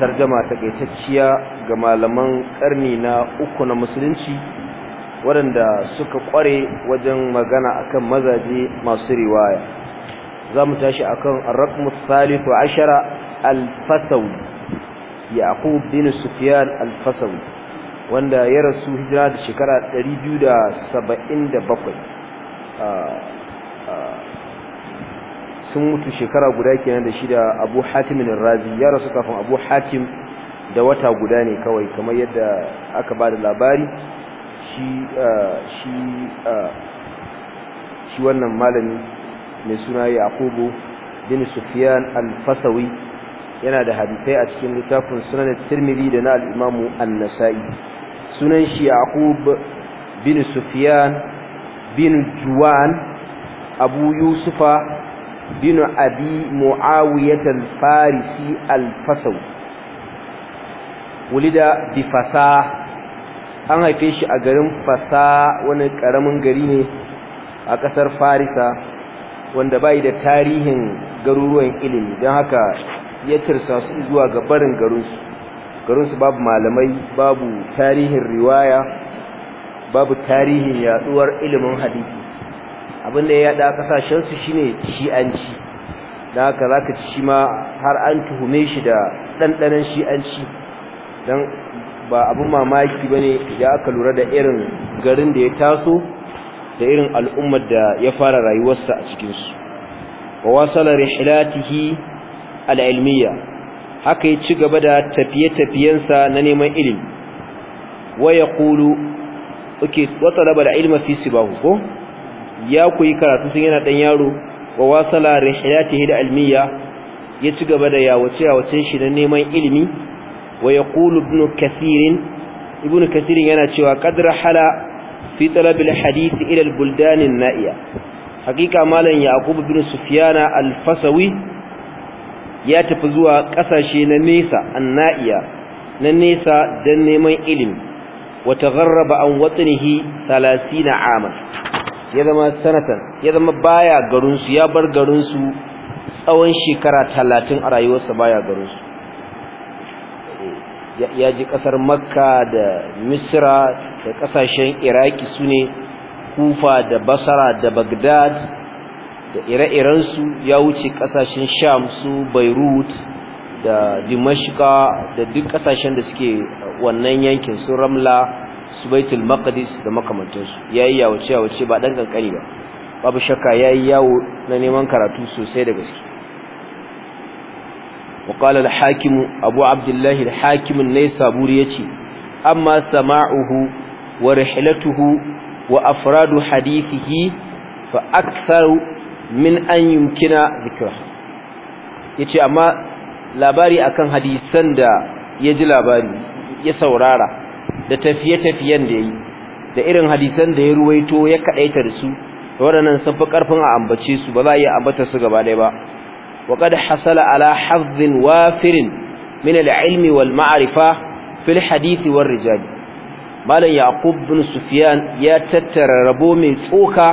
tarjama takaitacciya ga malaman karni na uku na musulunci waɗanda suka ƙware wajen magana akan mazaje masu riwaya za mu tashi akan ar-raqmu thalithu ashara al-fasawi yaqub bin sufyan al wanda ya rasu hijira da shekara 277 sun mutu shekara guda kenan da shi da Abu Hatim al-Razi ya rasu kafin Abu Hatim da wata guda ne kawai kamar yadda aka bada labari shi uh, shi uh, shi wannan malami mai suna Yaqubu bin Sufyan al-Fasawi yana da hadisai a cikin littafin Sunan Tirmidhi da na al-Imam An-Nasa'i sunan shi Yaqub bin Sufyan bin Juwan Abu Yusufa bin abi muawiyat al-farisi al-fasaw wulida bi fasa an haife shi a garin fasaha wani ƙaramin gari ne a ƙasar farisa wanda bai da tarihin garuruwan ilimi don haka ya tirsa su zuwa ga barin garinsu garinsu babu malamai babu tarihin riwaya babu tarihin yaɗuwar ilimin hadisi abin da ya yada kasashen su shine shi'anci da haka zaka ci shi ma har an tuhume shi da dandanan shi'anci dan ba abin mamaki bane ya aka lura da irin garin da ya taso da irin al'ummar da ya fara rayuwarsa a cikin su wa wasala rihlatihi al ilmiya haka ya ci gaba da tafiye tafiyen sa na neman ilimi wa yaqulu okay wa talaba al-ilma fi sibahu ko ya koyi karatu sun yana dan yaro wa wasala rihiyatihi da almiya ya ci gaba da yawace yawace shi na neman ilimi wa yaqulu ibn kathir ibn kathir yana cewa qadra hala fi talab alhadith ila albuldan an hakika malam yaqub ibn sufyana alfasawi ya tafi zuwa kasashe na nesa an na nesa dan neman ilimi wa tagharraba an watnihi 30 aman ya zama sanatan ya zama baya garinsu ya bar garinsu tsawon shekara talatin a rayuwarsa baya garinsu ya ji ƙasar makka da misra da ƙasashen iraki su ne kufa da basara da bagdad da ire-irensu ya wuce ƙasashen sham su beirut da dimashika da duk ƙasashen da suke wannan yankin su ramla su baitul da makamantansu yayi yawo ce yawo ba dan kankani ba babu shakka yayi yawo na neman karatu sosai da gaske wa qala al-hakim abu abdullah al-hakim an-naysaburi yace amma sama'uhu wa rihlatuhu wa afradu hadithihi fa aktharu min an yumkina dhikra yace amma labari akan hadisan da yaji labari ya saurara da tafiye-tafiyen da yi, da irin hadisan da ya ruwaito ya kadaita da su waɗannan sun fi karfin a ambace su ba za a iya ambata su gaba ɗaya ba wa qad hasala ala hazzin wafirin min al'ilmi ilmi wal ma'arifa fil hadisi war rijali malam yaqub bin sufyan ya tattara rabo mai tsoka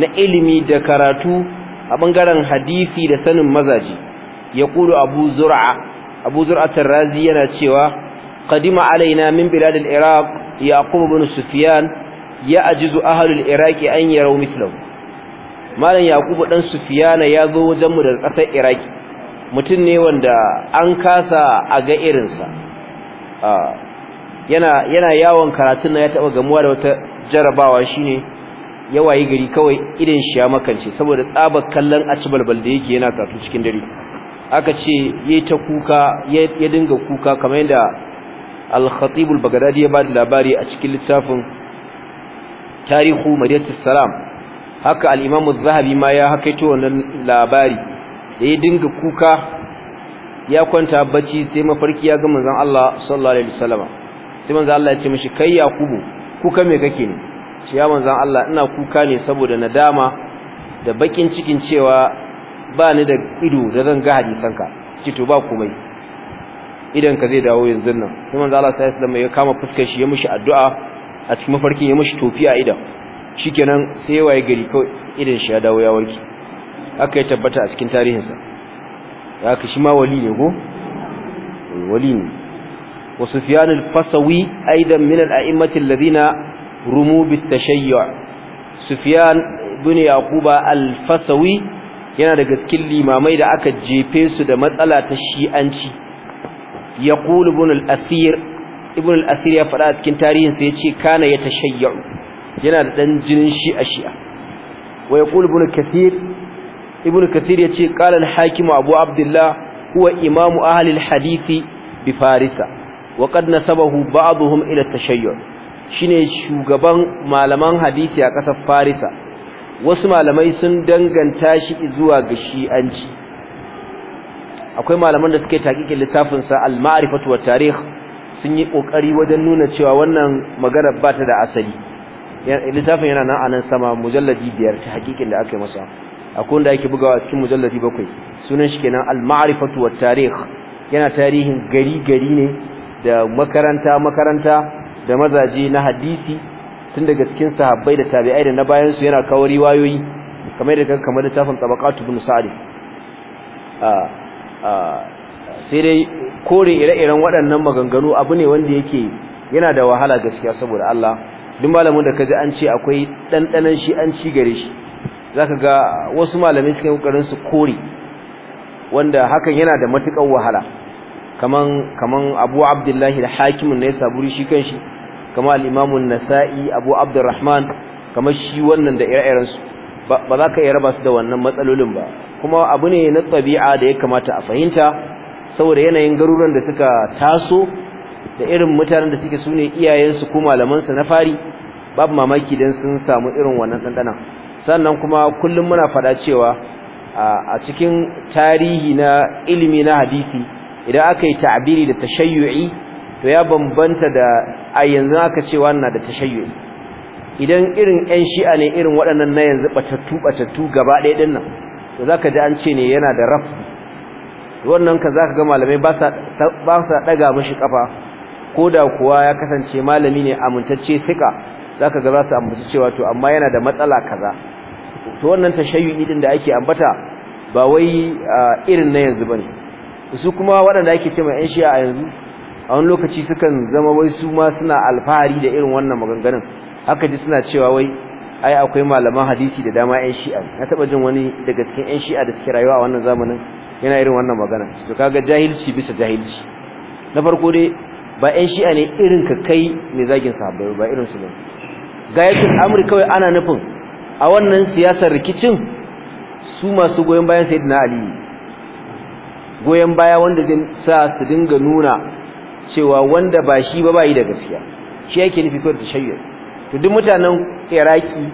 na ilimi da karatu a bangaren hadisi da sanin mazaji ya kulu abu zur'a abu zur'a tarrazi yana cewa قدم علينا من بلاد العراق يعقوب بن سفيان يعجز أهل العراق أن يروا مثله malam yakubu بن sufiyana ya zo wajen mu daga ƙasar iraki mutum ne wanda an kasa a yana yana yawon karatun na ya taba gamuwa da wata jarabawa shine ya wayi gari kawai idan shi ya makance saboda tsabar kallon acibalbal da yake yana karatu cikin dare aka ce yayi ta kuka ya dinga kuka kamar yadda al-khatib al ya ba da labari a cikin littafin tarihu madiyatus salam haka al-imam az-zahabi ma ya hakaito wannan labari da ya dinga kuka ya kwanta bacci sai mafarki ya ga manzon Allah sallallahu alaihi wasallam sai manzon Allah ya ce mishi kai yakubu kuka me kake ne shi ya manzon Allah ina kuka ne saboda nadama da bakin cikin cewa ba ni da ido da zan ga hadisanka ci to ba komai idan ka zai dawo yanzu nan sai manzo Allah sai sallama ya kama fuskar shi ya mishi addu'a a cikin mafarkin ya mishi tofi a idan shikenan sai ya waye gari kawai idan shi ya dawo ya warke haka ya tabbata a cikin tarihinsa haka shi ma wali ne go wali ne wa sufyan al-fasawi aidan min al-a'immati alladhina rumu bit-tashayyu' sufyan ibn yaquba al-fasawi yana daga cikin limamai da aka jefe su da matsala ta shi'anci yaqul ibn al-asir ibn al ya cikin tarihinsa ya yace kana tashayyar. yana da ɗan jinin shi a shi'a wa ya ibn kathir ibn kathir yace qala al-hakim abu abdullah huwa imamu ahli al-hadith bi farisa wa sabahu nasabahu ba'dhum ila tashayyar. Shi shine shugaban malaman hadisi a ƙasar farisa wasu malamai sun danganta shi zuwa ga shi'anci akwai malaman da suke takikin littafin sa al-ma'rifatu wa tarikh sun yi kokari wajen nuna cewa wannan magana ba ta da asali littafin yana nan anan sama mujalladi biyar ta hakikin da aka yi masa akwai wanda yake bugawa cikin mujalladi bakwai sunan shi kenan al-ma'rifatu wa tarikh yana tarihin gari gari ne da makaranta makaranta da mazaje na hadisi tun daga cikin sahabbai da tabi'ai da na bayan su yana kawo riwayoyi kamar da kamar littafin tabaqatu bin sa'id ah, sai dai kore ire-iren waɗannan maganganu abu ne wanda yake yana da wahala gaskiya saboda Allah duk malamin da kaji an ce akwai ɗanɗanan shi an ci gare shi zaka ga wasu malamai suke kokarin su kore wanda hakan yana da matukar wahala kaman kaman Abu Abdullah al-Hakim ne saburi shi kanshi kama al-Imam an-Nasa'i Abu Abdurrahman kamar shi wannan da ire-iren ba za ka iya raba su da wannan matsalolin ba kuma abu ne na tabi'a da ya kamata a fahimta saboda yanayin garuruwan da suka taso da irin mutanen da suke sune iyayensu ko malamansu na fari babu mamaki dan sun samu irin wannan dandanan sannan kuma kullum muna fada cewa a cikin tarihi na ilimi na hadisi idan aka yi ta'biri da tashayyu'i to ya bambanta da a yanzu aka ce wannan da tashayyu'i idan irin ƴan shi'a ne irin waɗannan na yanzu batattu batattu gaba ɗaya dinnan to zaka ji an ce ne yana da raf wannan ka zaka ga malamai ba sa ba sa daga mishi kafa koda kuwa ya kasance malami ne amintacce tsika zaka ga za su ambaci cewa to amma yana da matsala kaza to wannan tashayyu'i din da ake ambata ba wai irin na yanzu bane su kuma waɗanda ake cewa yan shi'a a yanzu a wani lokaci sukan zama wai su ma suna alfahari da irin wannan maganganun haka ji suna cewa wai ai akwai malaman hadisi da dama ƴan shi'a na taba jin wani daga cikin ƴan shi'a da suke rayuwa a wannan zamanin yana irin wannan magana to kaga jahilci bisa jahilci na farko dai ba ƴan shi'a ne irin ka kai mai zagin sahabbai ba irin su ba yake amri kawai ana nufin a wannan siyasar rikicin su masu goyon bayan sayyidina ali goyon baya wanda zai sa su dinga nuna cewa wanda ba shi ba bai da gaskiya shi yake nufi kawai shayyar to duk mutanen iraki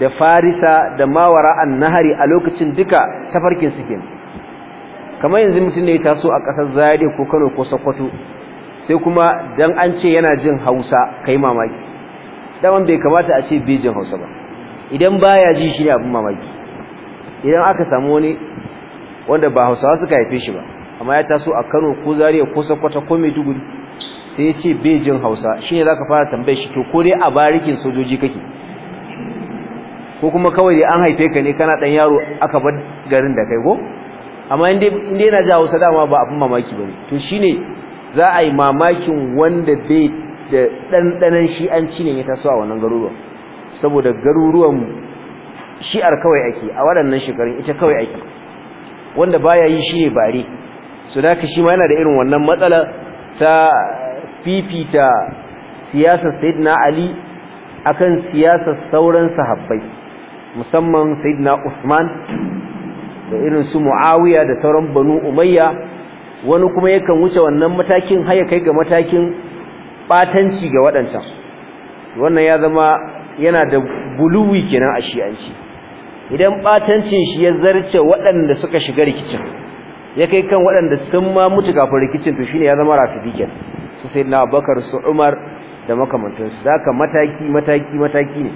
da farisa da mawara an nahari a lokacin duka tafarkin su kenan kamar yanzu mutum ne ya taso a ƙasar Zaria ko Kano ko Sokoto sai kuma dan an ce yana jin Hausa kai mamaki daman bai kamata a ce bai jin Hausa ba idan baya ji shi ne abin mamaki idan aka samu wani wanda ba Hausawa suka haife shi ba amma ya taso a Kano ko Zariya ko Sokoto ko Maiduguri sai ya ce bejin hausa shi ne za ka fara tambaye shi to ko a barikin sojoji kake ko kuma kawai da an haife ka ne kana ɗan yaro aka bar garin da kai ko amma inda yana ji hausa dama ba abin mamaki ba ne to shi ne za a yi mamakin wanda bai da ɗanɗanan ci ne ya taso a wannan garuruwan saboda garuruwan shi'ar kawai ake a waɗannan shekarun ita kawai ake wanda baya yi shi ne bare so da shi ma yana da irin wannan matsala ta fifita siyasar sayidina ali akan siyasar sauran sahabbai musamman sayidina usman da irin su muawiya da sauran banu umayya wani kuma yakan wuce wannan matakin haya kai ga matakin batanci ga waɗancan wannan ya zama yana da buluwi kenan a shi'anci idan batancin shi ya zarce waɗanda suka shiga rikicin ya kai kan waɗanda sun ma mutu kafin rikicin to shine ya zama rafidi ken su sayyidina Abubakar su Umar da makamantansu ka mataki mataki mataki ne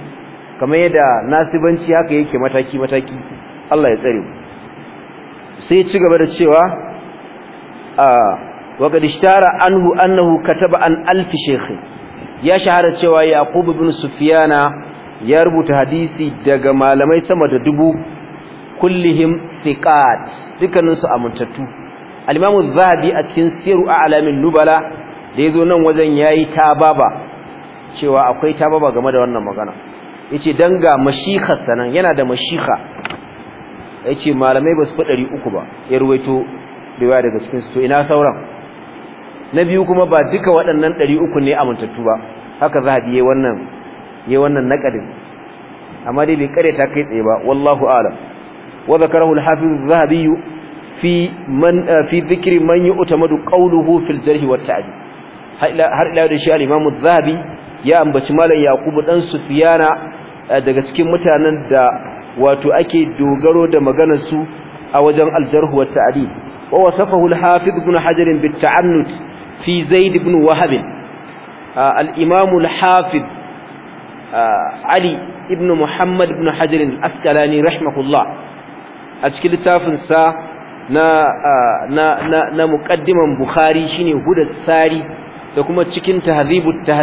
kamar yadda nasibanci haka yake mataki mataki Allah ya tsare sai ci gaba da cewa a ishtara anhu annahu kataba an alfi shaykh ya shahara cewa Yaqub bin Sufiyana ya rubuta hadisi daga malamai sama da dubu kullihim thiqat dukkaninsu amintattu al-imamu az-zahabi a cikin siru a'lamin nubala da yazo nan wajen yayi tababa cewa akwai tababa game da wannan magana yace dan ga mashika sanan yana da mashika yace malamai basu fadari uku ba ya ruwaito riwaya daga cikin su to ina sauran na biyu kuma ba duka waɗannan 300 ne amintattu ba haka zahabi yayi wannan yayi wannan naqadin amma dai bai kare ta kai tsaye ba wallahu a'lam وذكره الحافظ الذهبي في من في ذكر من يعتمد قوله في الجرح والتعديل har ila da shi al-Imam zahabi ya ambaci malam Yakubu dan sufiyana daga cikin mutanen da wato ake dogaro da maganar su a wajen al-jarh wa ta'dil wa wasafahu al-Hafiz ibn Hajar bit-ta'annud fi Zaid ibn Wahab al-Imam al-Hafiz Ali ibn Muhammad ibn Hajar al-Asqalani rahimahullah a cikin littafin sa na na na, na muqaddiman bukhari shine huda sari da kuma cikin tahdhibut ya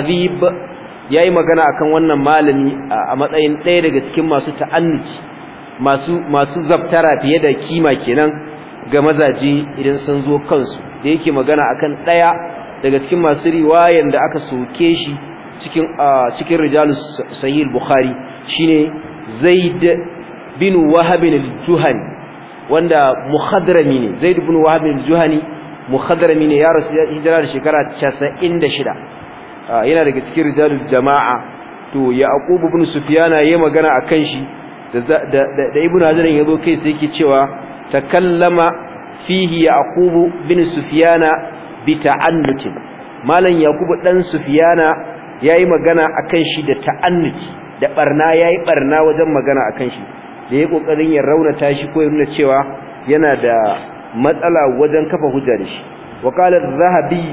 yayi magana akan wannan malami a matsayin ɗaya daga cikin masu ta'annuci masu masu zaftara fiye da kima kenan ga mazaji idan sun zo kansu da yake magana akan ɗaya daga cikin masu riwayan da aka soke shi cikin cikin rijalus sahih bukhari shine zaid bin wahab al-juhani wanda muhadrami ne zaid ibn wahab al-juhani muhadrami ne ya rasu hijira da shekara 96 ah, yana daga cikin rijalul jama'a to yaqub ibn sufyana yayi magana akan shi da da ibn hazar yazo kai sai yake cewa takallama fihi yaqub bin sufyana bi ta'annuti malan yaqub dan sufyana yayi magana akan shi da ta'annuti da barna yayi barna wajen magana akan shi da ya kokarin ya raunata shi ko ya nuna cewa yana da matsala wajen kafa hujja da shi wa qala az-zahabi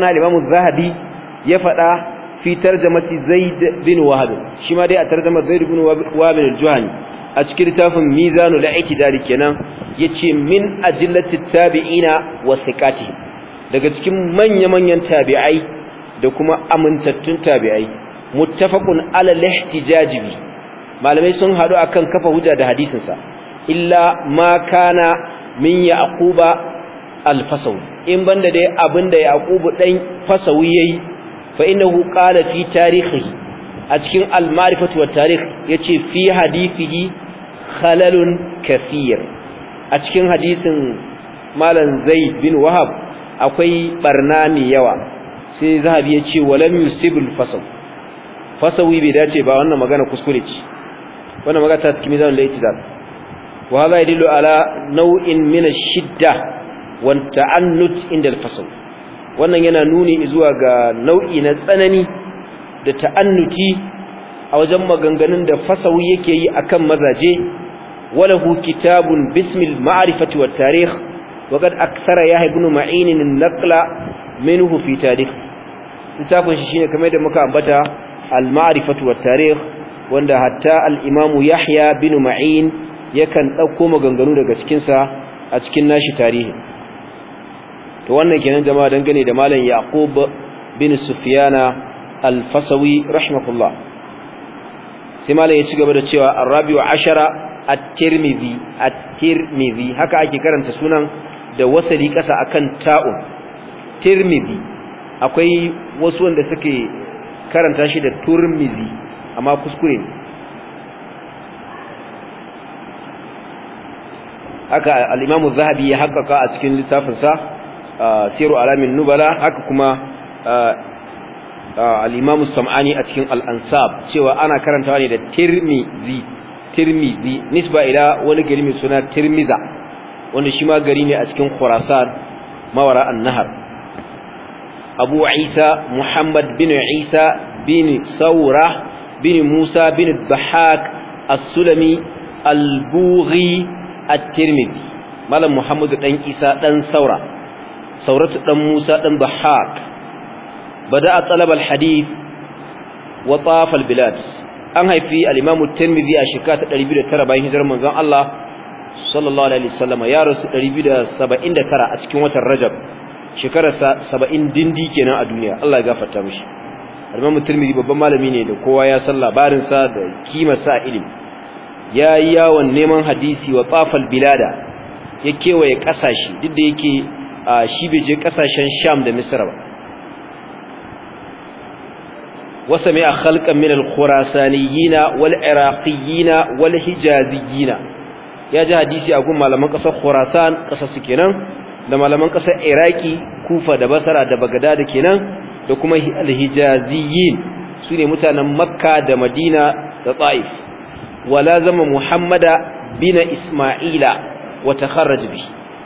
na Imam az-Zahabi ya faɗa fi tarjamati Zaid bin Wahab shi ma dai a tarjamar Zaid bin Wahab al-Juhani a cikin littafin Mizanu al-I'tidal kenan yace min ajillati tabi'ina wa thiqati daga cikin manya-manyan tabi'ai da kuma amintattun tabi'ai muttafaqun ala al-ihtijaj bi malamai sun haɗu kan kafa hujja da hadisinsa sa illa ma kana min yaquba alfasau. in banda dai abinda yaqubu dan fasawi yayi fa innahu qala fi tarihi a cikin al wat tarih yace fi hadithihi khalalun kaseer a cikin hadisin malam zaid bin wahab akwai barna mai yawa sai zahabi yace walam yusibul fasaw fasawi bai dace ba wannan magana kuskure ce wannan magana ta ciki mai zan laiti da wa hada yadilu ala nau'in min shidda wa ta'annut inda wannan yana nuni zuwa ga nau'i na tsanani da ta'annuti a wajen maganganun da fasaw yake yi akan mazaje walahu kitabun bismil ma'rifati wa tarikh wa kad aksara yahi ibn ma'in an-naqla minhu fi tarikh shi shine kamar da muka ambata al-ma'rifatu wa wanda hatta al-imamu Yahya bin Ma'in yakan ɗauko maganganu daga cikin sa a cikin nashi tarihi to wannan kenan jama'a dangane da malam Yaqub bin sufiyana al-Fasawi rahimahullah sai malam ya ci gaba da cewa ar-rabi'u ashara at-Tirmidhi at-Tirmidhi haka ake karanta sunan da wasali kasa akan ta'un Tirmidhi akwai wasu wanda suke karanta shi da Turmizi amma kuskure ne haka al zahabi ya haƙaƙa a cikin littafinsa siru alamin nubala haka kuma al sam'ani a cikin al cewa ana karantawa ne da tirmizi nisba ila wani gari mai suna tirmiza wanda shi ma gari ne a cikin khurasan mawara an-nahar abu isa muhammad bin isa bin saura bin Musa bin Bahak As-Sulami Al-Bughi at Malam Muhammadu ɗan Isa ɗan Saura Sauratu ɗan Musa ɗan Bahak bada talab al-hadith wa tafa bilad an haifi al-Imam At-Tirmidhi a shekara ta 209 bayan Allah alaihi ya rasu 279 a cikin watan Rajab shekarar 70 dindi kenan a duniya Allah ya gafarta mishi al-Imam Tirmidhi babban malami ne da kowa ya san labarinsa da kima sa ilimi yi yawon neman hadisi wa tsafal bilada ya kewaye kasashe duk da yake shi bai je kasashen Sham da Misira ba mai وسمع خلقا من الخراسانيين والعراقيين والحجازيين ya ji hadisi a gun malaman ƙasar Khurasan kasar su kenan da malaman ƙasar Iraki Kufa da basara da da kenan da kuma alhijaziyin sune mutanen makka da madina da taif wala zama muhammada bin isma'ila wata takharraj bi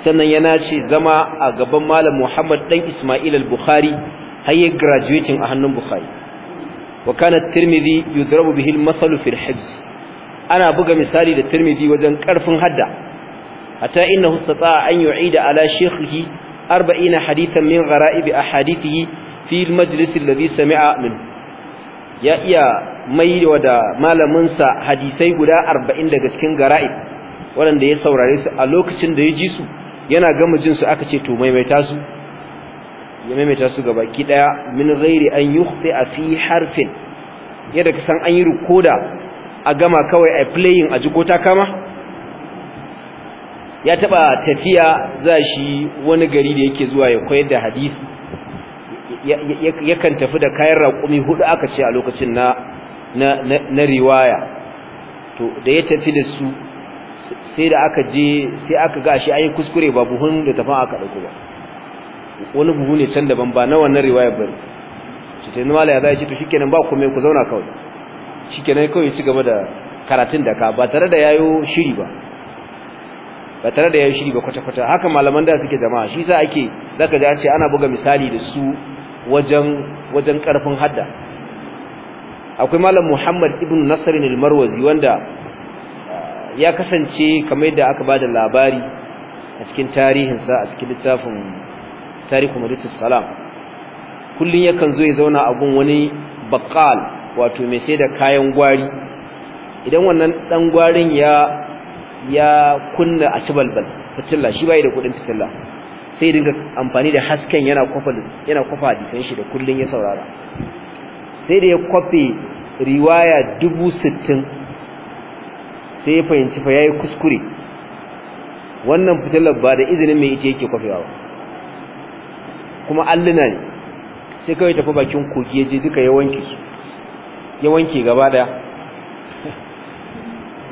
sannan yana ce zama a gaban malam muhammad dan isma'il al-bukhari har graduating a hannun bukhari wa kana tirmidhi yudrabu bihi al hibs ana buga misali da tirmidhi wajen karfin hadda hatta innahu istata'a an yu'ida ala shaykhihi 40 hadithan min gharaib ahadithihi fi majlis alladhi sami'a min ya iya mai da malamin sa hadisai guda arba'in daga cikin gara'i waɗanda ya saurare su a lokacin da ya ji su yana gama jin su aka ce to maimaita su ya maimaita su daya min ghairi an yukhti'a fi harfin yadda ka san an yi rikoda a gama kawai a playing a jiko ta kama ya taɓa tafiya za shi wani gari da yake zuwa ya koyar da hadisi yakan tafi da kayan raƙumi hudu aka ce a lokacin na na riwaya to da ya tafi da su sai da aka je sai aka ga shi ayi kuskure ba buhun da tafan aka dauko ba wani buhu ne can daban ba na wannan riwaya ba shi sai mala ya zai ce to shikenan ba ku mai ku zauna kawai shikenan kawai ci gaba da karatun da ka ba tare da yayo shiri ba ba tare da yayo shiri ba kwata kwata haka malaman da suke jama'a shi sa ake zaka ji an ce ana buga misali da su wajen wajen karfin hadda akwai malam Muhammad ibn Nasr al-Marwazi wanda uh, ya kasance kamar da aka da labari a cikin tarihin a cikin littafin Tarihu Madinatus Salam kullun yakan zo ya zauna a gun wani baqqal wato mai sai da kayan gwari idan wannan dan gwarin ya ya kunna a cibalbal fitilla shi bai da kudin fitilla sai dinga amfani da hasken yana kofa yana kofa hadisan shi da kullun ya saurara sai da ya kwafe riwaya dubu sai ya fahimci fa yayi kuskure wannan fitilar ba da izinin mai ita yake kofewa ba kuma alluna ne sai kawai tafi bakin kogi ya je duka ya wanke su ya wanke gaba daya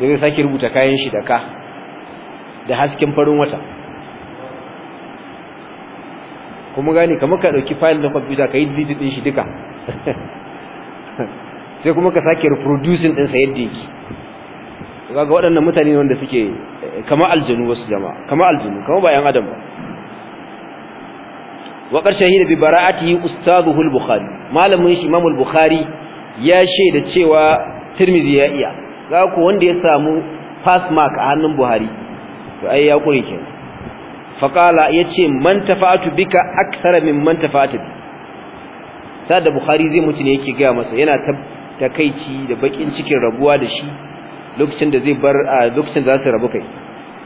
da zai sake rubuta kayan shi da ka da hasken farin wata kuma gani kamar ka dauki file na computer ka yi delete din shi duka sai kuma ka sake reproducing din sa yadda yake kaga waɗannan mutane wanda suke kama aljanu wasu jama'a kama aljanu kama ba yan adam ba wa da bi bara'atihi ustadhuhu bukhari malamin shi imamul bukhari ya shaida cewa tirmidhi ya iya za ku wanda ya samu pass mark a hannun buhari to ai ya kure kenan faqala yace man tafa'atu bika manta mimman tafa'atu sada bukhari zai mutu ne yake ga masa yana takeici da bakin cikin rabuwa da shi lokacin da zai bar lokacin za su rabu kai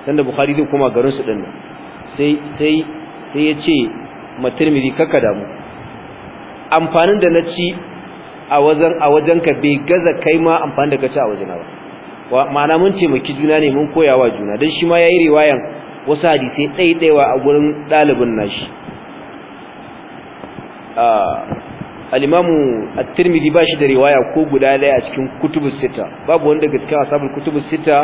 sanda bukhari zai koma garin su din sai sai sai yace matirmidi kaka damu amfanin da na ci a wajen a wajenka bai gaza kai ma amfanin da ka ci a wajena ba ma'ana mun ce juna ne mun koyawa juna dan shi ma yayi riwayan wasu hadisai ɗaiɗaiwa a gurin ɗalibin nashi Alimamu a Tirmidi ba shi da riwaya ko guda ɗaya a cikin kutubus sita babu wanda daga cikin asabul kutubus sita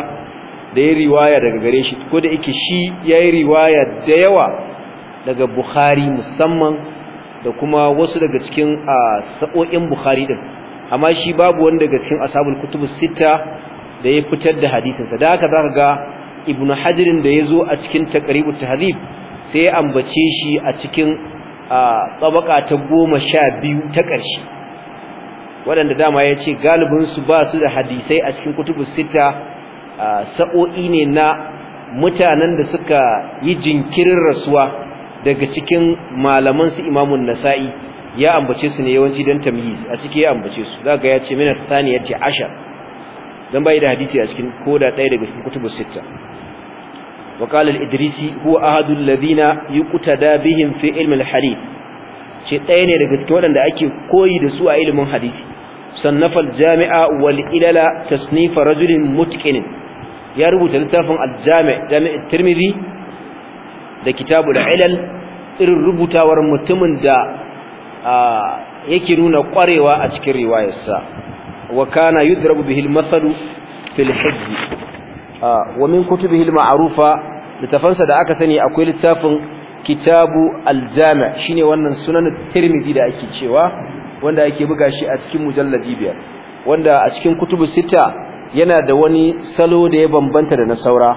da ya riwaya daga gare shi ko da yake shi yi riwaya da yawa daga bukhari musamman da kuma wasu daga cikin sa'o'in bukhari din amma shi babu wanda daga cikin asabul kutubus sita da ya fitar da hadisinsa da haka ka ga ibn hajirin da ya zo a cikin ta tahdhib sai ya ambace shi a cikin tsabaka ta goma sha biyu ta ƙarshe waɗanda dama ya ce galibinsu ba su da hadisai a cikin kutubu sita sa'o'i ne na mutanen da suka yi jinkirin rasuwa daga cikin malaman su imamun nasa'i ya ambace su ne yawanci don tamyiz a ciki ya ambace su za ga ya ce minar saniyar ce ashar don bai da hadisi a cikin koda ɗaya daga cikin kutubu sita وقال الإدريسي هو أحد الذين يقتدى بهم في علم الحديث ce ɗaya ne da cikin waɗanda ake koyi da su a ilimin hadisi sannafal jami'a wal ilala tasnifa rajulin mutqinin ya rubuta littafin al-jami' jami' tirmidhi da kitabul ilal irin rubutawar mutumin da yake nuna ƙwarewa a cikin riwayarsa wa kana yudrabu bihi al-mathalu wa min kutubihi al-ma'rufa littafansa da aka sani akwai littafin kitabu al-jami' shine wannan sunan tirmidhi da ake cewa wanda ake buga shi a cikin mujalladi biyar wanda a cikin kutubu sita yana da wani salo da ya bambanta da na saura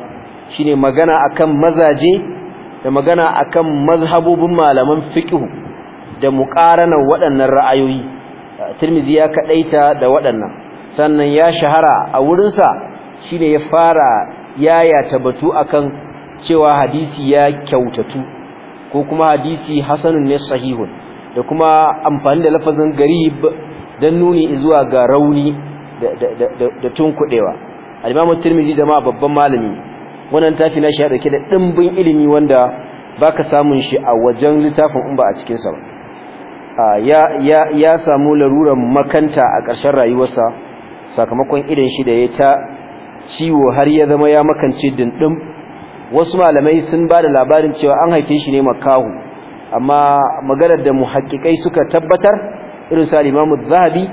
shine magana akan mazaje da magana akan mazhabobin malaman fiqh da muqaranan waɗannan ra'ayoyi tirmidhi ya kadaita da waɗannan sannan ya shahara a wurinsa shine ya fara yaya tabatu akan cewa hadisi ya kyautatu ko kuma hadisi hasanun ne sahihun da kuma amfani da lafazin garib dan nuni zuwa ga rauni da da da tunkudewa al-Imam Tirmidhi da ma babban malami wannan tafi na shi ya da dimbin ilimi wanda baka samun shi a wajen littafin in a cikin sa ba ya ya ya samu laruran makanta a ƙarshen rayuwarsa sakamakon idan shi da ya ta ciwo har ya zama ya makance dindin wasu malamai sun ba da labarin cewa an haife shi ne makahu amma maganar da muhakkikai suka tabbatar irin sa Imam Zahabi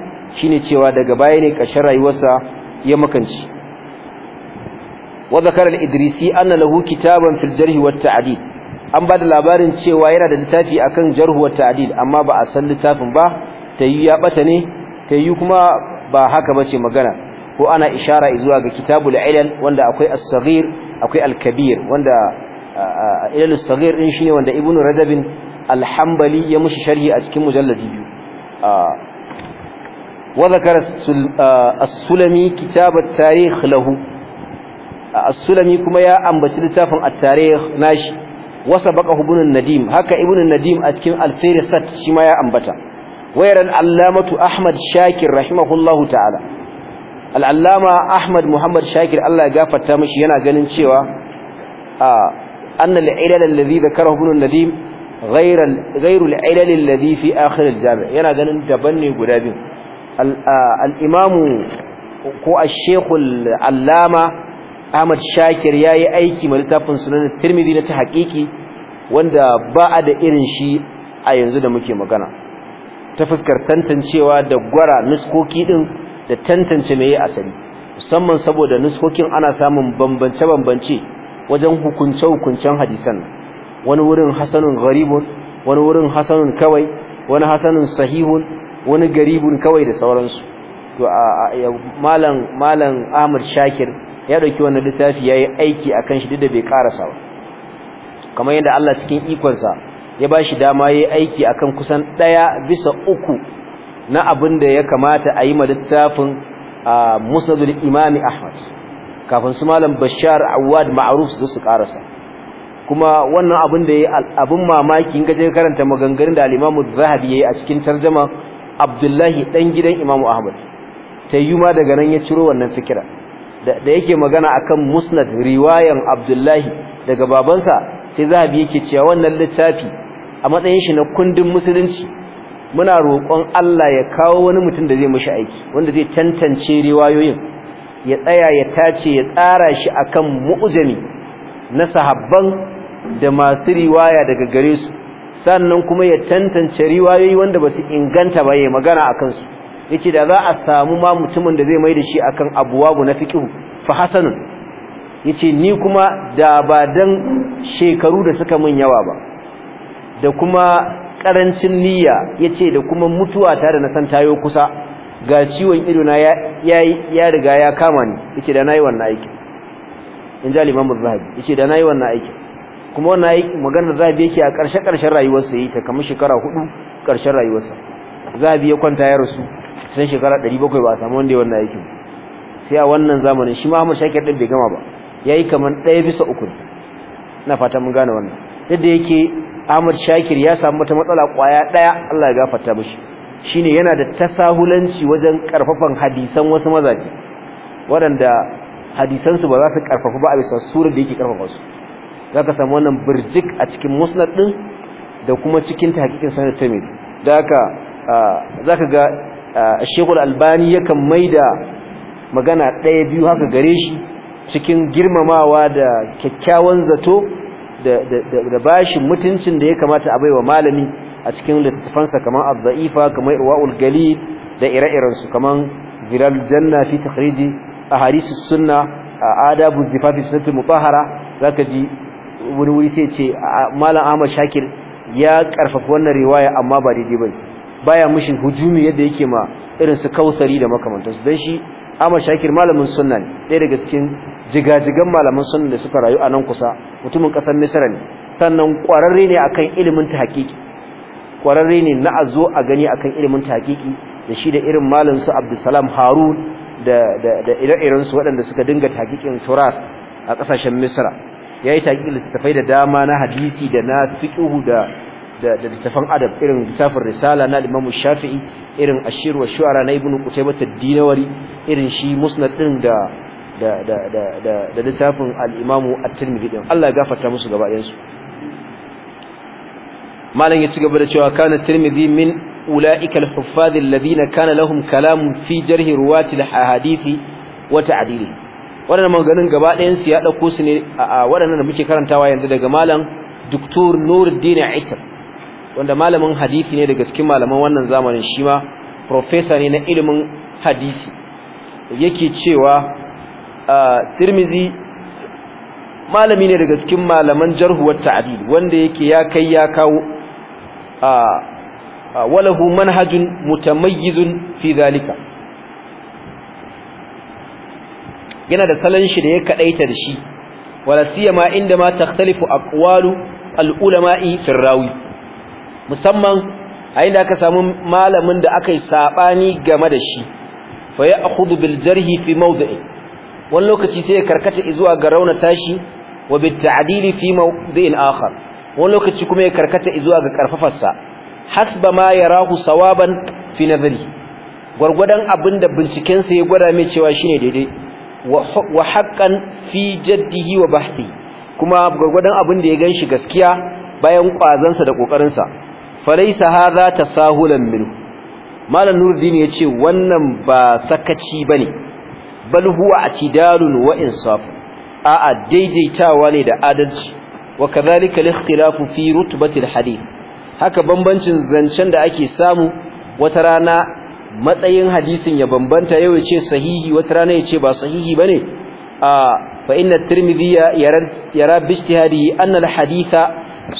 shine cewa daga baya ne ƙarshen rayuwarsa ya makance wa al-Idrisi anna lahu kitaban fil jarh wa ta'dil an ba da labarin cewa yana da littafi akan jarh wa ta'dil amma ba a san littafin ba tayi ya bata ne tayi kuma ba haka bace magana ko ana ishara zuwa ga kitabul ilal wanda akwai as-saghir akwai al-kabir wanda ilal as-saghir din shine wanda ibnu rajabin al-hanbali ya mushi sharhi a cikin mujalladi biyu wa zakara as-sulami kitab at-tarikh lahu as-sulami kuma ya ambaci littafin at-tarikh nashi وسبقه ابن النديم nadim a cikin أتكلم الفيرسات شما يا أنبتا ويرى العلامة أحمد شاكر رحمه الله ta'ala. al'allama ahmad muhammad shakir allah ya gafarta mashi yana ganin cewa annan al'ilal alladhi dhakarahu ibn nadim ghayr ghayr al'ilal alladhi fi akhir al yana ganin daban ne guda biyu al ko ash-shaykh al-allama Ahmad Shakir yayi aiki ma littafin sunan Tirmidhi na ta hakiki wanda ba a da irin shi a yanzu da muke magana ta fuskar tantancewa da gwara nuskoki din da tantance mai asali musamman saboda nuskokin ana samun bambance-bambance wajen hukunce-hukuncen hadisan wani wurin hasanun gharibun wani wurin hasanun kawai wani hasanun sahihun wani garibun kawai da sauransu to malam malam Ahmad Shakir ya dauki wannan littafi yayi aiki akan shi da bai karasa ba kamar yadda Allah cikin ikonsa ya bashi dama yayi aiki akan kusan daya bisa uku na abin da ya kamata a yi ma littafin musnadul imami ahmad kafin su malam bashar awad ma'aruf su su karasa kuma wannan abin da ya abin mamaki in gaje karanta maganganun da al-imamu zahabi yayi a cikin tarjuma abdullahi dan gidan imamu ahmad tayyuma daga nan ya ciro wannan fikira da yake magana akan musnad riwayan abdullahi daga babansa sai zahabi yake cewa wannan littafi a matsayin shi na kundin musulunci muna roƙon Allah ya kawo wani mutum da zai mushi aiki wanda zai tantance riwayoyin ya tsaya ya tace ya tsara shi akan mu'jami na sahabban da masu riwaya daga gare su sannan kuma ya tantance riwayoyi wanda ba su inganta ba ya magana akan su yace da za a samu ma mutumin da zai mai da shi akan abuwabu na fiqh fa hasanun yace ni kuma da ba dan shekaru da suka mun yawa ba da kuma karancin niyya yace da kuma mutuwa tare na san tayo kusa ga ciwon ido na ya ya riga ya kama ni yace da nayi wannan aiki in ji imam Az-Zahabi yace da nayi wannan aiki kuma wannan aiki maganar Zahabi yake a karshe karshen rayuwarsa yi ta kamar shekara hudu karshen rayuwarsa Zahabi ya kwanta ya rasu sai shekara 700 ba a samu wanda ya wannan aikin sai a wannan zamanin shi Muhammad Shakir din bai gama ba yayi kaman 1 bisa 3 na fata mun gane wannan yadda yake Ahmad Shakir ya samu wata matsala kwaya ɗaya. Allah ya gafarta mishi shine yana da tasahulanci wajen karfafan hadisan wasu mazaje waɗanda hadisan su ba za su karfafa ba a bisa surar da yake karfafa su zaka samu wannan burjik a cikin musnad din da kuma cikin tahqiqin sanad tamid da haka zaka ga Sheikhul Albani yakan maida magana ɗaya biyu haka gare shi cikin girmamawa da kyakkyawan zato da bashin mutuncin da ya kamata a baiwa malami a cikin littafansa kamar az-za'ifa kamar irwaul galil da ire-iren su kamar zilal janna fi takhriji ahadithus sunna adabu zifafi sunnati mutahhara zaka ji wani wuri sai ce malam Ahmad Shakir ya karfafa wannan riwaya amma ba daidai bane baya mushin hujumi yadda yake ma irin su kausari da makamantansu dan shi Ahmad Shakir malamin sunna ne ɗaya daga cikin jigajigan malaman sunna da suka rayu a nan kusa mutumin ƙasar Misra ne sannan ƙwararre ne akan ilimin hakiki ƙwararre ne na azo a gani akan ilimin hakiki da shi da irin malam su Abdulsalam Harun da da da ire-iren su waɗanda suka dinga tahqiqin turas a ƙasashen Misra yayi tahqiqin littafai da dama na hadisi da na fiqhu da da littafan adab irin littafin risala na Imam Shafi'i irin Ashir wa Shu'ara na Ibn Qutaybah ad-Dinawari irin shi Musnad din da da da da da, da littafin al-Imam at-Tirmidhi din Allah ya gafarta musu gaba ɗayan su malam ya ci gaba da cewa kana Tirmidhi min ulaika al-huffaz alladhina kana lahum kalam fi jarh ruwati al-ahadith wa ta'dili wannan maganganun gaba ɗayan su ya dauko su ne a waɗannan da muke karantawa yanzu daga malam Dr. Nuruddin Aitar wanda malamin hadisi ne daga cikin malaman wannan zamanin shi ma professor ne na ilimin hadisi yake cewa Tirmizi malami ne daga cikin malaman jarhuwar wa wanda yake ya kai ya kawo walahu manhajun mutamayyizun fi zalika yana da salon shi da ya kaɗaita da shi wala ma inda ma takhtalifu aqwalu al-ulama'i fi rawi musamman a inda aka samu malamin da aka yi saɓani game da shi fa ya'khudhu bil jarhi fi mawdi'i wani lokaci sai ya karkata zuwa ga rauna tashi wa bit ta'dili fi mawdi'in akhar wani lokaci kuma ya karkata zuwa ga karfafarsa hasba ma yarahu sawaban fi nadri gurgudan abinda binciken sa ya gwada mai cewa shine daidai wa haqqan fi jaddihi wa bahthi kuma gurgudan abinda ya ganshi gaskiya bayan kwazansa da ƙoƙarinsa. falaisa hadha tasahulan minhu malam nuruddin yace wannan ba sakaci bane bal huwa atidalun wa insaf a'a daidaitawa ne da adalci wa kadhalika al firut fi rutbati al-hadith haka bambancin zancen da ake samu wata rana matsayin hadisin ya bambanta yau yace sahihi wata rana yace ba sahihi bane a fa inna at-tirmidhi yara bi ijtihadihi anna al-haditha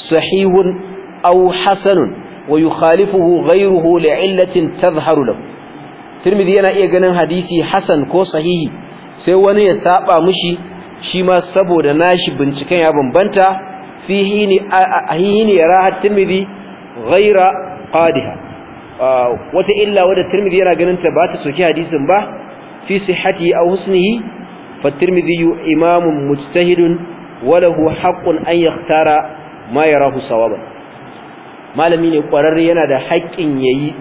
sahihun aw hasanun wa yukhalifuhu ghayruhu li'illatin tadhharu lahu Tirmidhi yana iya ganin hadisi Hassan ko sahihi sai wani ya saba mishi shi ma saboda nashi binciken ya bambanta fihi ni ahini yara Tirmidhi ghayra qadiha wata illa wadda Tirmidhi yana ganin ta ba ta soki hadisin ba fi sihhati aw husnihi fa Tirmidhi imamun mujtahidun wa lahu haqqun an yakhtara ma yarahu sawaban malami ne kwararre yana da haƙƙin yayi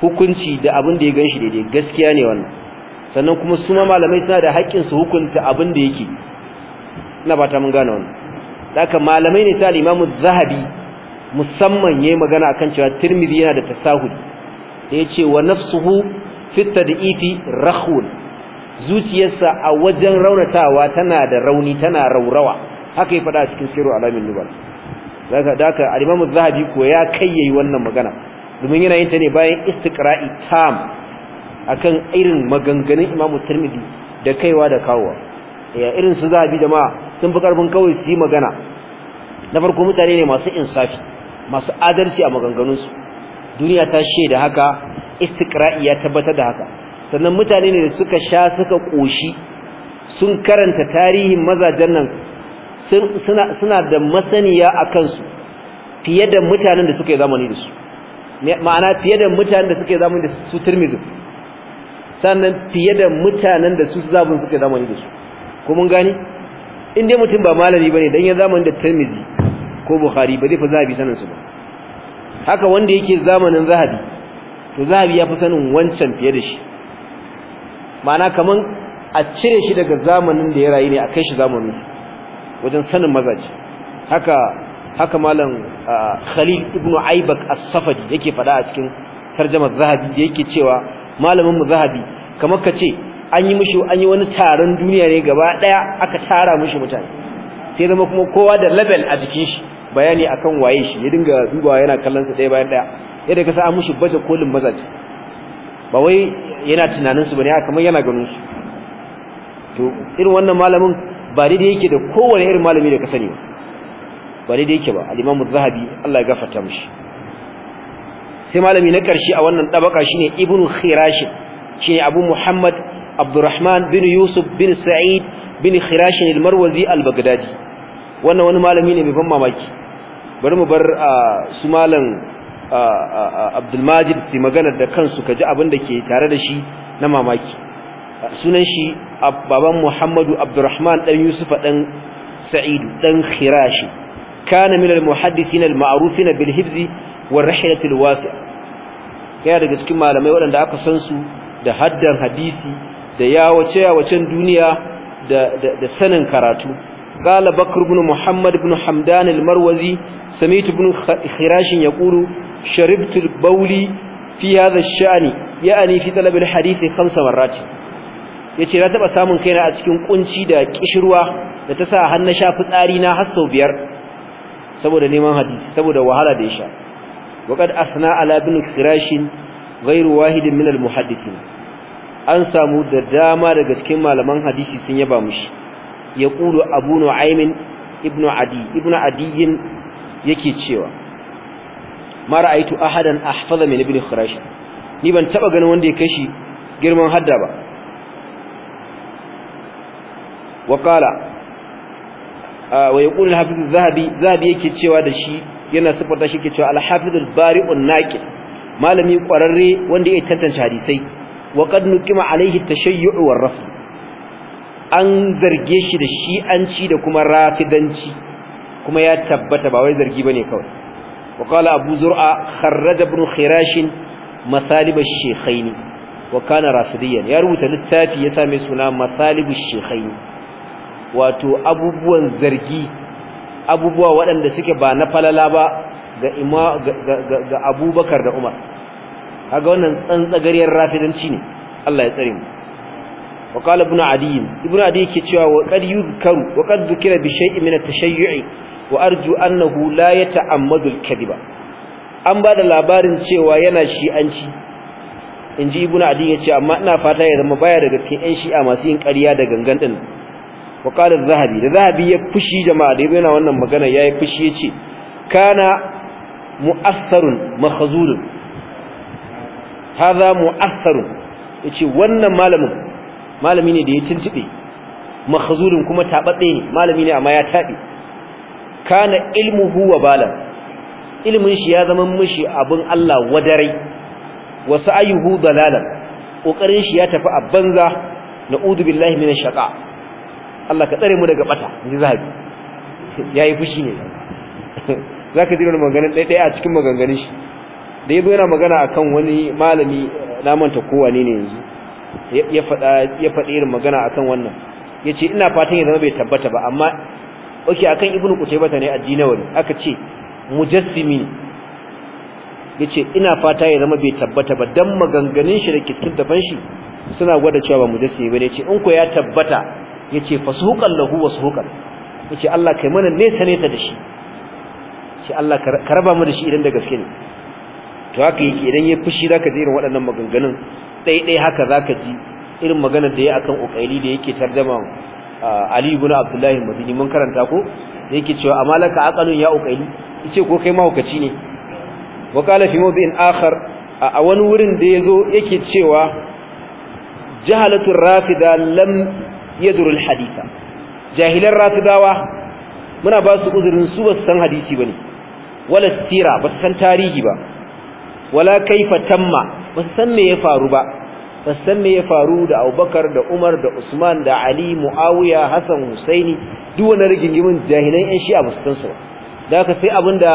hukunci da abin da ya ganshi daidai gaskiya ne wannan sannan kuma su ma malamai suna da haƙƙin su hukunta abin da yake ina ba ta mun gane wannan haka malamai ne ta Imam Zahabi musamman yayi magana akan cewa Tirmidhi yana da tasahul da yace wa nafsuhu fi tad'ifi rakhul zuciyarsa a wajen raunatawa tana da rauni tana raurawa haka ya faɗa cikin siru alamin nubal zaka daka al-Imam zahabi ko ya kayyayi wannan magana domin yana yin ta ne bayan istiqra'i tam akan irin maganganun Imam Tirmidhi da kaiwa da kawowa ya irin su zahabi da ma sun fi karfin kawai su yi magana na farko mutane ne masu insafi masu adalci a maganganunsu duniya ta shaida haka istiqra'i ya tabbatar da haka sannan mutane ne da suka sha suka koshi sun karanta tarihin mazajen nan suna suna da masaniya akan su fiye da mutanen da suke zamani da su ma'ana fiye da mutanen da suke zamani da su Tirmidhi sannan fiye da mutanen da su zabun suke zamani da su ko mun gani in dai mutum ba malami bane dan ya zamani da Tirmidhi ko Bukhari ba zai fa zabi sanin su ba haka wanda yake zamanin Zahabi to Zahabi ya fi sanin wancan fiye da shi ma'ana kaman a cire shi daga zamanin da ya rayu ne a kai shi zamanin wajen sanin mazaji haka haka malam Khalil ibn Aibak as-Safadi yake fada a cikin tarjumar Zahabi da yake cewa malamin mu Zahabi kamar kace an yi mishi an yi wani taron duniya ne gaba daya aka tara mishi mutane sai zama kuma kowa da label a jikin shi bayani akan waye shi ya dinga dubawa yana kallon sa daya bayan daya yadda ka sa an mishi baje kolin mazaji ba wai yana tunanin su bane kamar yana ganin su to irin wannan malamin ba daidai yake da kowane irin malami da ka sani ba daidai yake ba al-Imam zahabi Allah ya gafarta mishi sai malami na karshe a wannan tabaka shine Ibn Khirash shine Abu Muhammad Abdurrahman bin Yusuf bin Sa'id bin Khirash al-Marwazi al-Baghdadi wannan wani malami ne mai ban mamaki bari mu bar ah, su malam ah, ah, Abdulmajid su magana da kansu ji abin da ke tare da shi na mamaki sunan shi baban Muhammadu Abdurrahman dan Yusuf dan Sa'id dan Khirashi kana min al-muhaddisin al-ma'rufin bil hifzi wal al-wasi' daga cikin malamai waɗanda aka san su da haddan hadisi da yawace yawacen duniya da da sanin karatu قال بكر بن محمد بن حمدان المروزي سميت بن خراش يقول شربت البولي في هذا الشأن يعني في طلب الحديث خمس مرات yace na taba samun kaina a cikin kunci da kishirwa da ta sa har na sha fitsari na har biyar saboda neman hadisi saboda wahala da ya sha waqad asna ala bin firash ghairu wahidin min al an samu da dama daga cikin malaman hadisi sun yaba mushi yaqulu abu nu'aym ibn adi ibn adi yake cewa ma ra'aytu ahadan ahfaza min ibn khirash ni ban taba ganin wanda ya kashi girman hadda ba وقال ويقول الحافظ الذهبي ذهبي yake cewa da shi yana sifata shi yake cewa al-hafiz bariun naqi malami ƙwararre wanda ya tantance hadisai wa qad nuqima alayhi at-tashayyu' an zarge shi da shi'anci da kuma rafidanci kuma ya tabbata ba wai zargi bane kawai wa qala abu zur'a kharraja ibn khirash masalib ash wa kana rafidiyan ya rubuta littafi ya same suna masalib ash-shaykhaini wato abubuwan zargi abubuwa waɗanda suke ba na falala ba ga ima ga abubakar da umar kaga wannan tsantsagariyar rafidanci ne Allah ya tsare mu wa qala ibn adiyin ibn adi yake cewa wa qad yuzkaru wa qad dhukira bi shay'in min at-tashayyu'i wa arju annahu la yata'ammadu al-kadhiba an bada labarin cewa yana shi'anci inji ibn adi yace amma ina fata ya zama baya daga cikin ƴan shi'a masu yin ƙarya da gangan din waƙalar zahabi da zahabi ya fushi jama'a da yana wannan magana yayi fushi yace kana mu'assarun makhzulun hadha mu'assarun ce wannan malamin malami ne da ya tuntube makhzulun kuma tabadde ne malami ne amma ya tabe kana ilmuhu huwa balan ilmin shi ya zama mashi abin Allah wadarai wasu ayyuhu, dalalan Ƙoƙarin shi ya tafi a banza Udu billahi minash shaƙa. Allah ka tsare mu daga bata ji zahabi yayi fushi ne zaka ji wannan maganganun dai dai a cikin maganganun shi da yazo yana magana akan wani malami na manta kowa ne ne yanzu ya faɗa ya faɗi irin magana akan wannan yace ina fatan ya zama bai tabbata ba amma oke akan ibnu bata ne wani aka ce mujassimi yace ina fata ya zama bai tabbata ba dan maganganun shi da kitabban shi suna gwada cewa ba mujassimi bane yace in ko ya tabbata yace fasuqan lahu wasuqan yace Allah kai mana nesa nesa da shi shi Allah ka raba mu da shi idan da gaske ne to haka yake idan ya fushi zaka ji irin waɗannan maganganun dai dai haka zaka ji irin maganar da ya akan ukaili da yake tarjama Ali ibn Abdullah Madini mun karanta ko yake cewa amalaka aqalun ya ukaili yace ko kai mahaukaci ne wa qala fi mawdi'in akhar a wani wurin da yazo yake cewa jahalatul rafida lam yadrul haditha jahilan ratibawa muna ba su uzurin su ba su san hadisi bane wala sira ba su san tarihi ba wala kaifa tamma ba su san me ya faru ba ba su san me ya faru da Abubakar da Umar da Usman da Ali Muawiya Hassan Husaini duk wani rigingimin jahilan yan shi'a ba su san su da haka sai abinda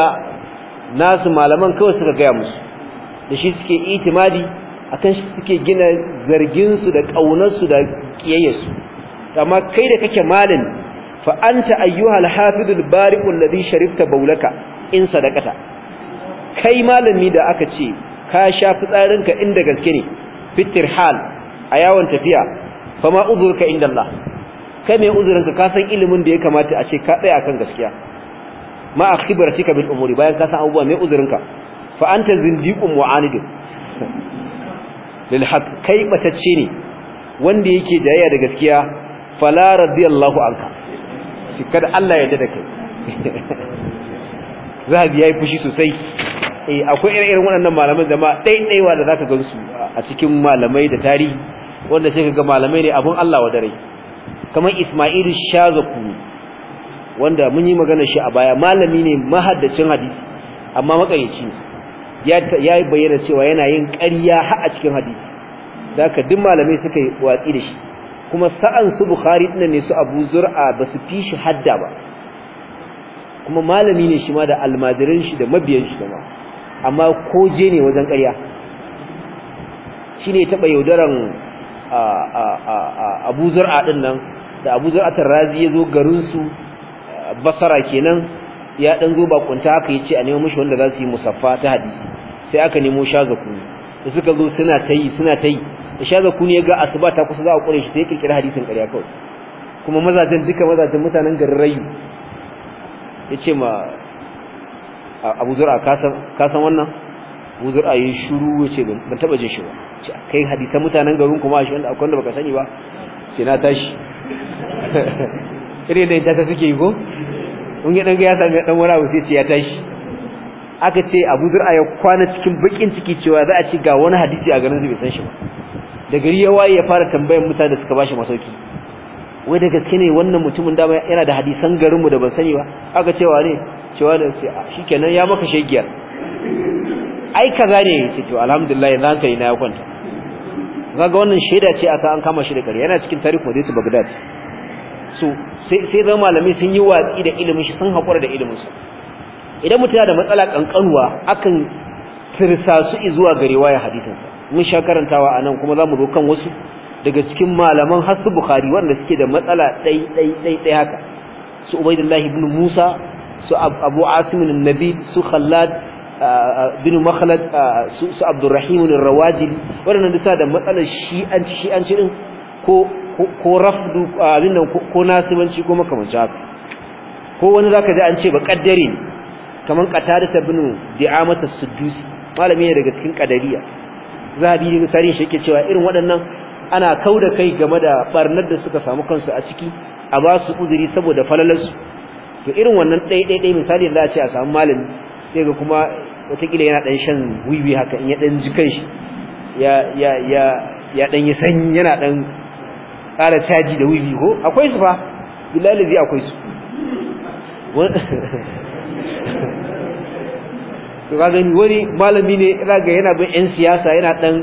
nasu malaman kawai suka gaya musu da shi suke itimadi akan shi suke gina zargin su da kaunar su da kiyayyar amma kai da kake malin fa anta ayyuhal hafizul bari'u alladhi sharifta baulaka in sadaqata kai malami da aka ce ka sha fitsarinka inda gaske ne fitir hal a yawon tafiya fa ma uzurka inda Allah kai mai uzurinka ka san ilimin da ya kamata a ce ka tsaya akan gaskiya ma akhbaratika bil umuri bayan ka san abubuwa mai uzurinka fa anta zindiqun mu'anid lil haqq kai batacce ne wanda yake jayayya da gaskiya fala radiyallahu anka shi kada Allah ya dada kai zabi yayi fushi sosai eh akwai irin waɗannan malaman jama'a wa da zaka ga su a cikin malamai da tarihi wanda sai kaga malamai ne abun Allah wa dare kamar Isma'il Shazaku wanda mun yi magana shi a baya malami ne mahaddacin hadisi amma makayyaci ya yi bayyana cewa yana yin ƙarya har a cikin hadisi da duk malamai suka yi watsi da shi kuma sa'an su bukhari ɗin ne su abu zur'a ba su fi shi hadda ba kuma malami ne shi ma da almadirin shi da mabiyan shi ma amma ko je ne wajen ƙarya shi ne taɓa yaudaran abu zur'a ɗin nan da abu zur'a razi ya zo garinsu basara kenan ya ɗan zo bakunta aka yi ce a nemo mashi wanda za su yi musaffa ta hadisi sai aka nemo shazaku da suka zo suna ta yi suna ta yi kun ya ga asuba ta kusa za a kure shi sai kirkira hadisin ƙarya kawai kuma mazajen duka mazajen mutanen garin rayu yace ma Abu Zur'a kasan kasan wannan Abu Zur'a yi ya yace ban taba jin shi ba kai hadisan mutanen garin kuma shi wanda akwai wanda baka sani ba sai na tashi irin da ita ta suke yi ko in yi dan ga ya sami dan wani abu sai ce ya tashi aka ce Abu Zur'a ya kwana cikin bakin ciki cewa za a ci ga wani hadisi a garin zai san shi ba da gari ya waye ya fara tambayar mutane da suka bashi masauki wai da gaske ne wannan mutumin dama yana da hadisan garinmu da ban sani ba aka cewa ne cewa da ah, shi shikenan ya maka shegiyar ai kaza ne ce to alhamdulillah yanzu na ya kwanta kaga wannan shaida ce aka an kama shi da karya. yana cikin tarihi su Baghdad so sai sai da malami sun yi watsi da ilimin shi sun hakura da ilimin su idan mutum yana da matsala kankanuwa akan tirsa su zuwa ga riwaya hadisin mun sha karantawa a nan kuma za zo kan wasu daga cikin malaman hasu bukhari wanda suke da matsala ɗai-ɗai-ɗai haka su ubaidullahi bin musa su abu asim nabi su khallad bin makhalad su su abdurrahim ar-rawajili wadannan da matsalar shi'anci shi'anci din ko ko rafdu abin nan ko nasibanci ko makamanci haka ko wani ka ji an ce ba kaddare ne kaman qatada bin di'amata Sudusi suddusi malami ne daga cikin ƙadariya zabi tarihi shi yake cewa irin waɗannan ana kau da kai game da barnar da suka samu kansu a ciki a ba su uzuri saboda falalansu, to irin wannan ɗaiɗaiɗai misali da za a ce a samu malami sai ga kuma wataƙila yana ɗan shan wiwi haka in ya ɗan ji kan shi ya ɗan yi sanyi yana ɗan ƙara caji da wiwi ko akwai su fa zai akwai su to ga gani wani malami ne ina ga yana bin yan siyasa yana dan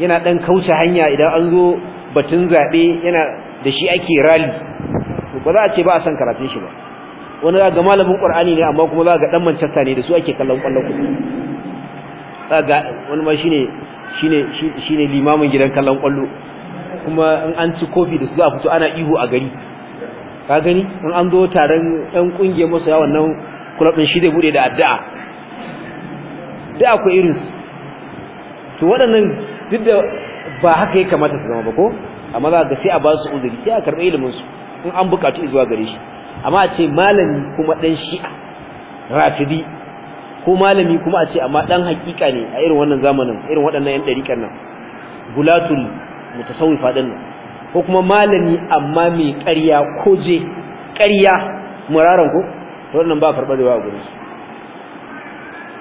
yana dan kauce hanya idan an zo batun zabe yana da shi ake rally to ba za a ce ba a san karatun shi ba wani za ga malamin qur'ani ne amma kuma za ga dan manchester ne da su ake kallon ƙwallon kudu za ga wani ma shine shine shine limamin gidan kallon ƙwallo kuma in an ci kofi da su za a fito ana ihu a gari ka gani in an zo taron yan kungiyar masoya wannan kulab din shi zai bude da addu'a duk akwai irin su to waɗannan duk da ba haka ya kamata su zama ba ko amma za ga sai a ba su uzuri sai a karɓi ilimin su in an bukaci zuwa gare shi amma a ce malami kuma dan shi'a rafidi ko malami kuma a ce amma ɗan hakika ne a irin wannan zamanin irin waɗannan yan ɗariƙan nan gulatul mutasawwifa din nan ko kuma malami amma mai ƙarya ko je ƙarya muraran ko wannan ba farɓarewa a gurin su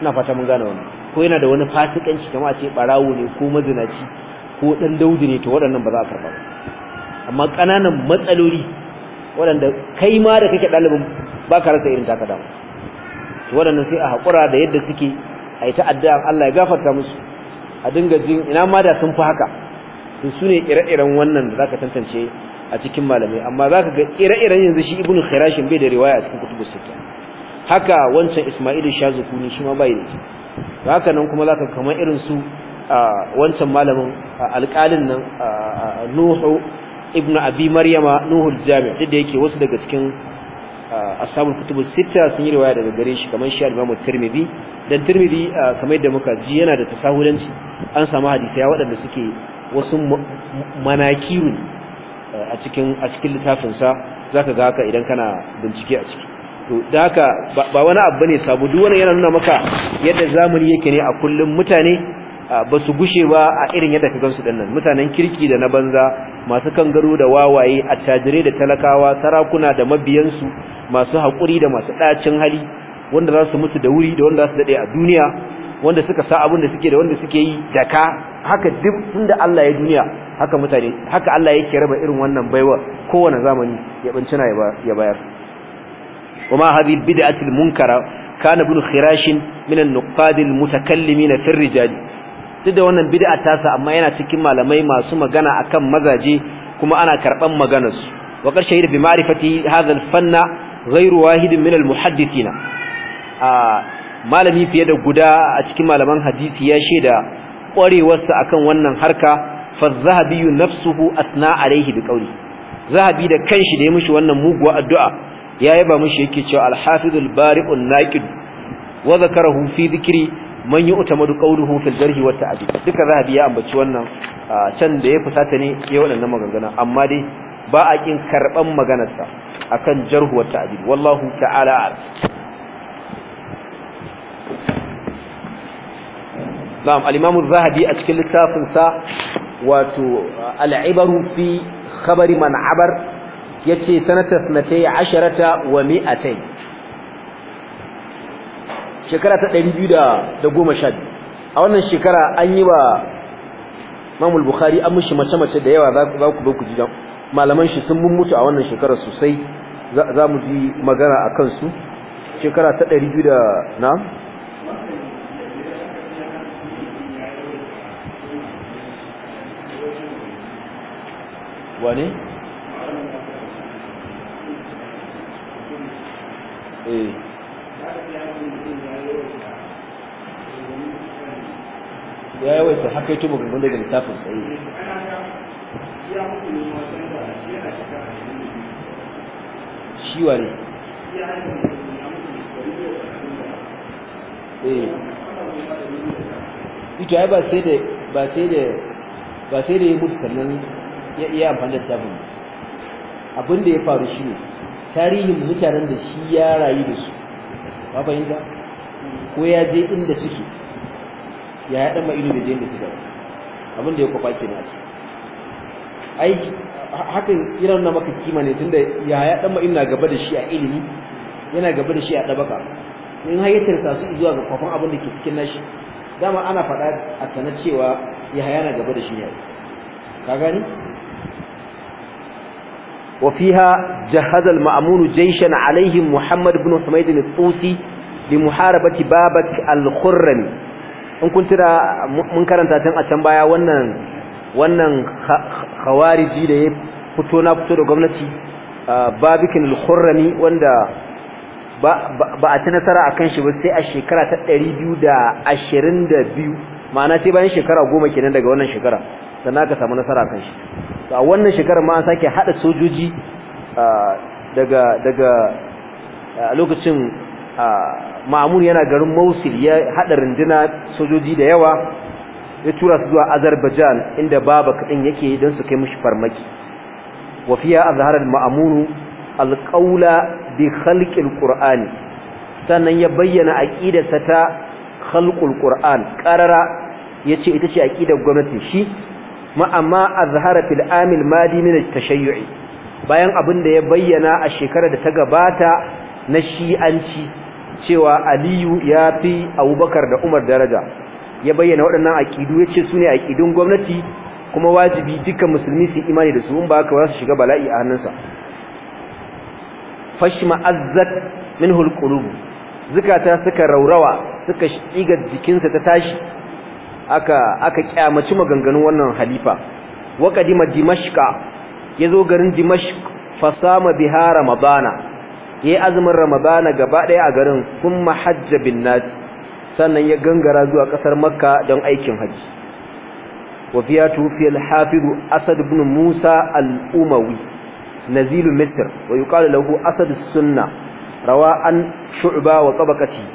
ina fata mun gane wannan ko yana da wani fasikanci kamar a ce barawo ne ko mazinaci ko dan daudi ne to waɗannan ba za a karɓa ba amma ƙananan matsaloli waɗanda kai ma da kake ɗalibin ba ka rasa irin taka dawo to waɗannan sai a haƙura da yadda suke a yi ta'adda Allah ya gafarta musu a dinga jin ina ma da sun fi haka to su ne ire-iren wannan da zaka tantance a cikin malamai amma zaka ga ire-iren yanzu shi ibnu khirashin bai da riwaya a cikin kutubus sittah haka wancan Isma'il Shazukuni shi ma bai da shi haka nan kuma zaka kamar irin su wancan malamin alƙalin nan Nuhu ibn Abi Maryama Nuhul Jami' duk da yake wasu daga cikin ashabul kutubu sita sun yi riwaya daga gare shi kamar shi imam Tirmidhi dan Tirmidhi kamar yadda muka ji yana da tasahulanci an samu hadisi waɗanda suke wasu manakiru a cikin a cikin littafin sa zaka ga haka idan kana bincike a ciki to da haka ba wani abu ne sabu duk wannan yana nuna maka yadda zamani yake ne a kullum mutane ba su gushe ba a irin yadda ka gansu dinnan mutanen kirki da na banza masu kangaro da wawaye attajirai da talakawa sarakuna da mabiyansu masu hakuri da masu ɗacin hali wanda za su mutu da wuri da wanda za su dade a duniya wanda suka sa abin da suke da wanda suke yi da ka haka duk inda Allah ya duniya haka mutane haka Allah yake raba irin wannan baiwa kowane zamani ya bincina ya bayar وما هذه البدعة المنكرة كان ابن خراش من النقاد المتكلمين في الرجال تدى وانا بدعة تاسا أما ينا تكما لمي ما سمى غنى أكم مزاجي كما أنا كربان مغانس وقد شهد بمعرفة هذا الفن غير واحد من المحدثين آه malami fiye da guda a cikin malaman hadisi ya shaida kwarewarsa akan wannan harka fa zahabi nafsuhu asna alaihi biqauli zahabi da kanshi da ya mishi wannan muguwa addu'a ya yaba mushi yake cewa al-hafizul bari'un naqid wa zakarahu fi dhikri man yu'tamadu qawluhu fil jarhi wa ta'dil duka zahabi ya ambaci wannan can da ya fusata ne ya wadannan magana amma dai ba a kin karban maganarsa akan jarh wa ta'dil wallahu ta'ala Na'am al-Imam zahabi a cikin littafin sa wato al-ibaru fi khabari man yace sanata 10 wa 200 shekara ta 212 a wannan shekara an yi wa Imam bukhari an mushi mace-mace da yawa za ku ku ji malaman shi sun mutu a wannan shekara sosai za mu ji magana a kansu shekara ta 200 da na wane? ya eh. ya yawaita haka yato magagun daga littafin tsaye eh. shi wa ne eh. ito ya ba sai da ba sai da ba sai da ya mutu sannan ya iya amfani da littafin abin da ya faru shi ne tarihin mutanen da shi ya rayu da su ba fahimta ko ya je inda suke ya haɗa ma ido da je inda suke abin da ya kwafa ke nasu ce aiki hakan irin na maka kima ne tunda ya ya dan ma ina gaba da shi a ilimi yana gaba da shi a dabaka in har ta su zuwa ga kwafan abin da ke cikin nashi dama ana faɗa a sanar cewa ya na gaba da shi ne ka gani وفيها جهز المأمون جيشا عليهم محمد بن حميد الطوسي لمحاربة بابك الخرم in kun tira mun karanta tun a can baya wannan wannan khawariji da ya na fito da gwamnati babikin al-khurrani wanda ba a nasara akan shi ba sai a shekara ta 222 ma'ana sai bayan shekara goma kenan daga wannan shekara sannan ka samu nasara kan shi to a wannan shekarar ma an sake hada sojoji daga daga lokacin Ma'mun yana garin Mosul ya hada rinduna sojoji da yawa ya tura su zuwa Azerbaijan inda babu kaɗan yake don su kai mushi farmaki wafiya fiya azhara al bi khalqi al-Qur'ani sannan ya bayyana aqidarsa ta khalqul Qur'an qarara yace ita ce aqidar gwamnati shi amma azhara fil amil madi min at-tashayyu'i bayan abin da ya bayyana a shekarar da ta gabata na shi'anci cewa Aliyu ya fi Abubakar da Umar daraja ya bayyana waɗannan aqidu yace sune aqidun gwamnati kuma wajibi dukkan musulmi su imani da su in ba haka ba su shiga bala'i a hannunsa fashma azzat minhu al-qulub zakata suka raurawa suka shiga jikinsa ta tashi aka aka kyamaci maganganun wannan halifa wa qadima dimashqa yazo garin dimashq fasama biha ramadana yayi azumin ramadana gaba daya a garin kuma hajja bin nas sannan ya gangara zuwa kasar makka don aikin haji wa fiya tufi al-hafiz asad ibn musa al-umawi nazil misr wa yuqalu lahu asad as rawa an shu'ba wa tabaqati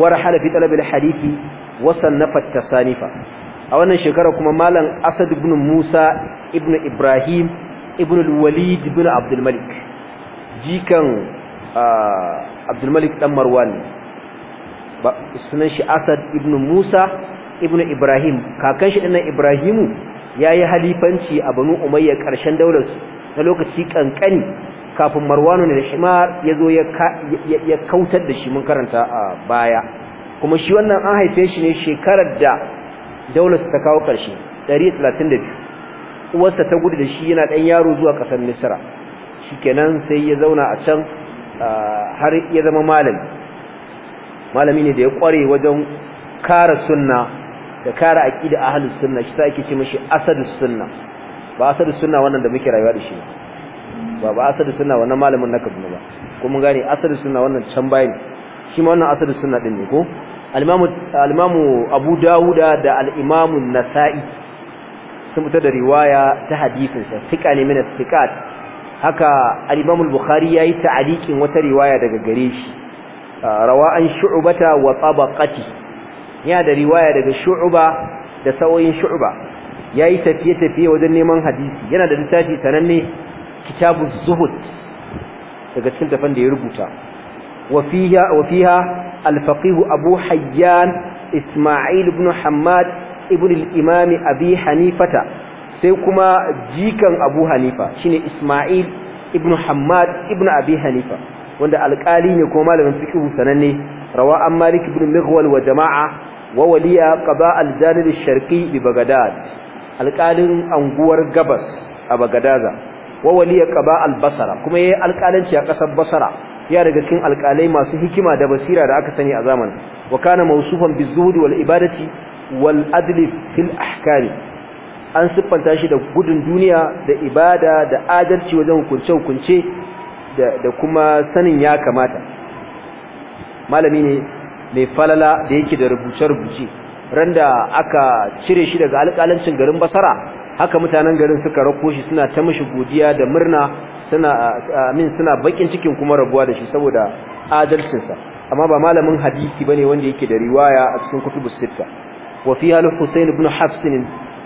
wa rahala fi talab al-hadith Wasan wasannafa tasanifa a wannan shekara kuma malam Asad ibn Musa ibn Ibrahim ibn al-Walid ibn Abdul Malik jikan Abdul Malik dan Marwan sunan shi Asad ibn Musa ibn Ibrahim kakan shi dinnan Ibrahimu yayi halifanci a Banu Umayya karshen daular su na lokaci kankani kafin marwanu ne da Himar yazo ya ya kautar da shi mun karanta a baya kuma shi wannan an haife shi ne shekarar da daular ta kawo ƙarshe 132 uwarsa ta gudu da shi yana ɗan yaro zuwa ƙasar shi shikenan sai ya zauna a can har ya zama malami malami ne da ya ƙware wajen kara sunna da kara a ahlus sunna shi ta ake ce mashi asadus sunna ba asadus sunna wannan da muke rayuwa da shi ba ba asadus sunna wannan malamin na Kaduna ba kuma gane asadus sunna wannan can bayan shi ma wannan asadus sunna din ne ko al abu dawuda da alimamun nasa'i sun fitar da riwaya ta hadifinsa. fiƙa ne mina haka al bukhari ya yi ta'aliƙin wata riwaya daga gare shi rawa an shu'ubata wa tsabakati ya da riwaya daga shu'uba da sauyin shu'uba ya yi tafiye-tafiye wajen neman hadisi yana da littafi sananne kitabu zuhud daga cikin tafan da ya rubuta وفيها, وفيها الفقيه أبو حيان إسماعيل بن حماد ابن الإمام أبي حنيفة سيكما جيكا أبو حنيفة شين إسماعيل ابن حماد ابن أبي حنيفة وند القالين يكوما لمن فكه سنني رواء مالك بن مغول وجماعة وولي قضاء الجانب الشرقي ببغداد القالين أنقور قبس أبغدادا وولي قضاء البصرة كما يقال القالين شاكس البصرة ya daga cikin alƙalai masu hikima da basira da aka sani a zamanin wa kana mawsufan bizuhd wal ibadati wal adli fil ahkam an siffanta shi da gudun duniya da ibada da adalci wajen hukunce hukunce da kuma sanin ya kamata malami ne mai falala da yake da rubuce rubuce randa aka cire shi daga alƙalancin garin basara haka mutanen garin suka rako shi suna ta mishi godiya da murna suna amin suna bakin cikin kuma rabuwa da shi saboda adalcinsa amma ba malamin hadisi bane wanda yake da riwaya a cikin kutubus sitta wa fi hal Husayn ibn Hafs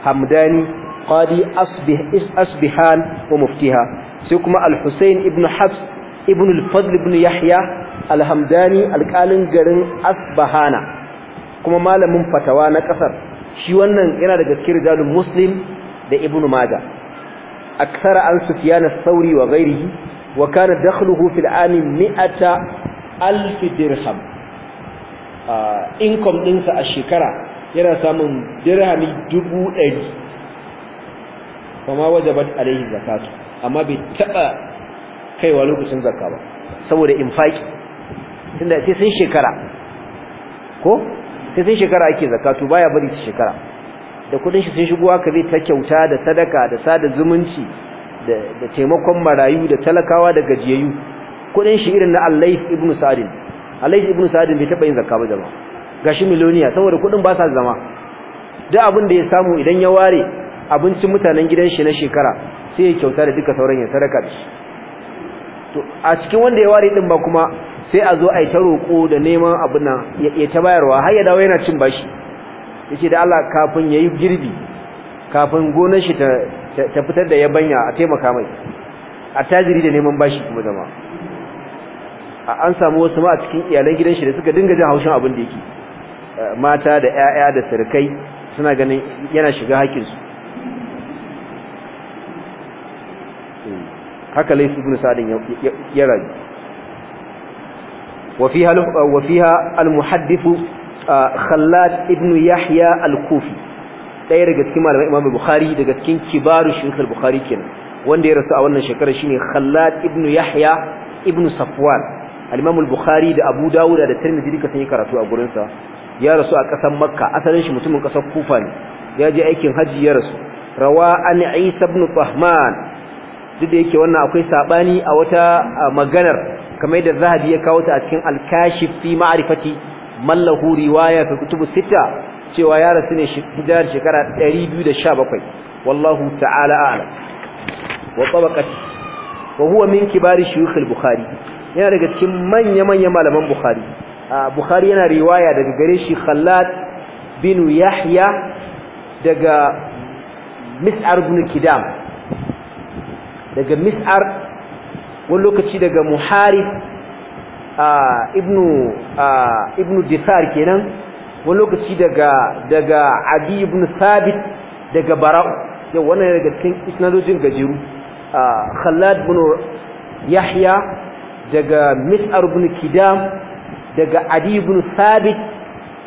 Hamdani qadi asbih asbihan wa muftiha sai kuma al-Husayn ibn Hafs ibn al-Fadl ibn Yahya al-Hamdani alqalin garin Asbahana kuma malamin fatawa na kasar shi wannan yana daga cikin rijalul muslim da ibnu maja akthara an sufyan ath-thawri wa ghayrihi wa kana dakhluhu fil ami 100 alf dirham ah, income din sa a shekara yana samun dirhami 100 kuma wajabat alayhi zakatu amma bai taba kaiwa lokacin zakka ba saboda infaki tunda sai sun shekara ko sai sun shekara ake zakatu baya bari su shekara da kudin shi sun shigo aka ta kyauta da sadaka da sada zumunci da taimakon marayu da talakawa da gajiyayyu kudin shi irin na Allaif ibn Sa'd Allaif ibn Sa'd bai taba yin zakka ba jama'a gashi miliyoniya saboda kudin ba sa zama duk abin da ya samu idan ya ware abincin mutanen gidan shi na shekara sai ya kyauta da duka sauran ya sadaka da shi to a cikin wanda ya ware din ba kuma sai a zo a yi ta roƙo da neman abin nan ya ta bayarwa har ya dawo yana cin bashi yace da Allah kafin yayi girbi kafin gonar shi ta ta fitar da yabanya a taimaka mai a tajiri da neman bashi kuma zama an samu wasu ma a cikin iyalan gidan shi da suka dinga jin haushin abin da yake eh, mata da 'ya'ya da sarkai suna ganin yana shiga hakkin su hmm. haka laysu ibn sa'din ya rayu. wa fiha al-muhaddith khallad ibn yahya al-kufi ɗaya daga cikin malamai imam bukhari daga cikin kibaru shuyukh al-bukhari kenan wanda ya rasu a wannan shekarar shine khallad ibn yahya ibn safwan al-imam al-bukhari da abu dawud da tirmidhi duka sun yi karatu a gurin sa ya rasu a ƙasar makka asalin shi mutumin ƙasar kufa ne ya je aikin hajji ya rasu rawa an isa ibn tahman duk da yake wannan akwai sabani a wata maganar kamar da zahabi ya kawo ta a cikin al-kashif fi ma'rifati mallahu riwaya ka kutubu sita cewa ya rasu ne hijirar shekara 217 wallahu ta'ala a'lam wa tabaqati wa huwa min kibari shuyukh al-bukhari yana daga cikin manya manya malaman bukhari bukhari yana riwaya daga gare shi khallad bin yahya daga mis'ar ibn kidam daga mis'ar wani lokaci daga muharib ibnu ibnu disar kenan wani lokaci daga daga abi ibn sabit daga bara'u yau wannan daga cikin isnadojin gajeru Khalad ibn yahya daga mis'ar ibn kidam daga adi ibn sabit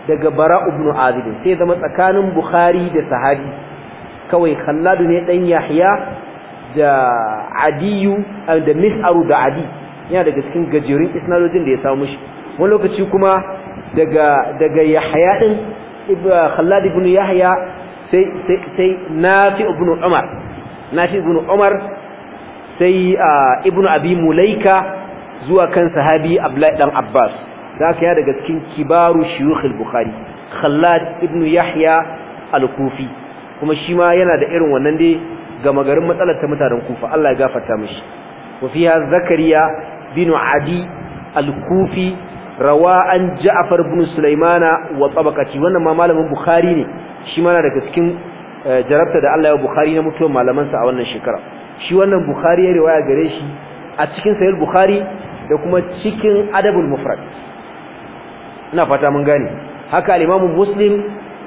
daga bara'u ibn azib sai zama tsakanin bukhari da sahabi kawai Khalad ne dan yahya da adiyu da mis'aru da adi yana daga cikin gajerun isnadojin da ya samu shi wani lokaci kuma daga daga Yahya din Khalid ibn Yahya sai sai sai Nafi ibn Umar Nafi ibn Umar sai ibn Abi Mulaika zuwa kan sahabi Abdullah dan Abbas aka ya daga cikin kibaru shuyukh al-Bukhari Khalid ibn Yahya al-Kufi kuma shi ma yana da irin wannan dai ga garin matsalar ta mutanen Kufa Allah ya gafarta mishi wa fiha Zakariya Binu adi al-kufi rawa an jaafar ibn sulaimana wa tabaqati wannan ma malamin bukhari ne shi ma daga cikin eh, jarabta da Allah ya bukhari na mutuwar malaman sa a wannan shekara shi wannan bukhari ya riwaya gare shi a cikin sahih bukhari da kuma cikin adabul mufrad ina fata mun gane haka al-imam muslim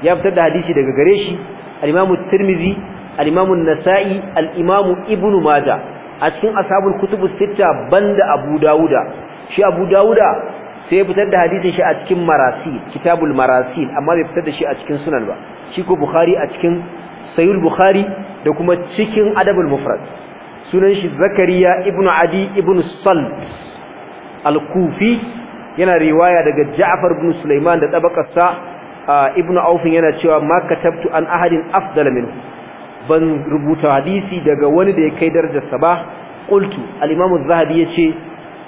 ya fitar da hadisi daga gare shi al-imam tirmidhi al-imam nasai al-imam ibn majah a cikin ashabul kutubu sita banda abu dauda shi abu dauda sai fitar da hadisin shi a cikin marasil kitabul marasil amma bai fitar da shi a cikin sunan ba shi ko bukhari a cikin sayyid bukhari da kuma cikin adabul mufrad sunan shi zakariya ibnu adi ibnu sal al-kufi yana riwaya daga ja'far ibn sulaiman da tabaqarsa ibnu aufin yana cewa ma katabtu an ahadin afdala minhu ban rubuta hadisi daga wani da ya kai darajarsa ba qultu al-imam az-zahabi yace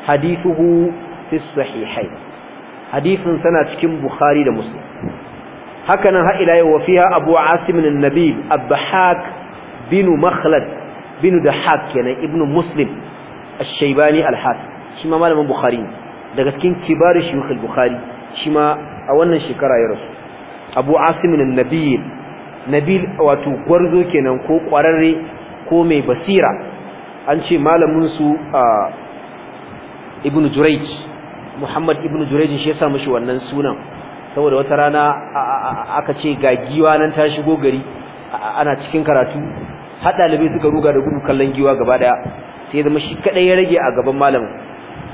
hadithuhu fi sahihayn hadithun sana cikin bukhari da muslim hakanan ha ila yau fiha abu asim an-nabil abhak bin makhlad bin dahak kenan ibnu muslim ash-shaybani al-hasan shi ma malamin bukhari daga cikin kibarin shuyukh al-bukhari shi ma a wannan shekara ya rasu abu asim an nabil wato gwarzo kenan ko kwararre ko mai basira an ce malamin su ibnu jurayj muhammad ibnu jurayj shi ya sa mishi wannan sunan saboda wata rana aka ce ga giwa nan ta shigo gari ana cikin karatu har dalibai suka ruga da gudu kallon giwa gaba daya sai zama shi kadai ya rage a gaban malamin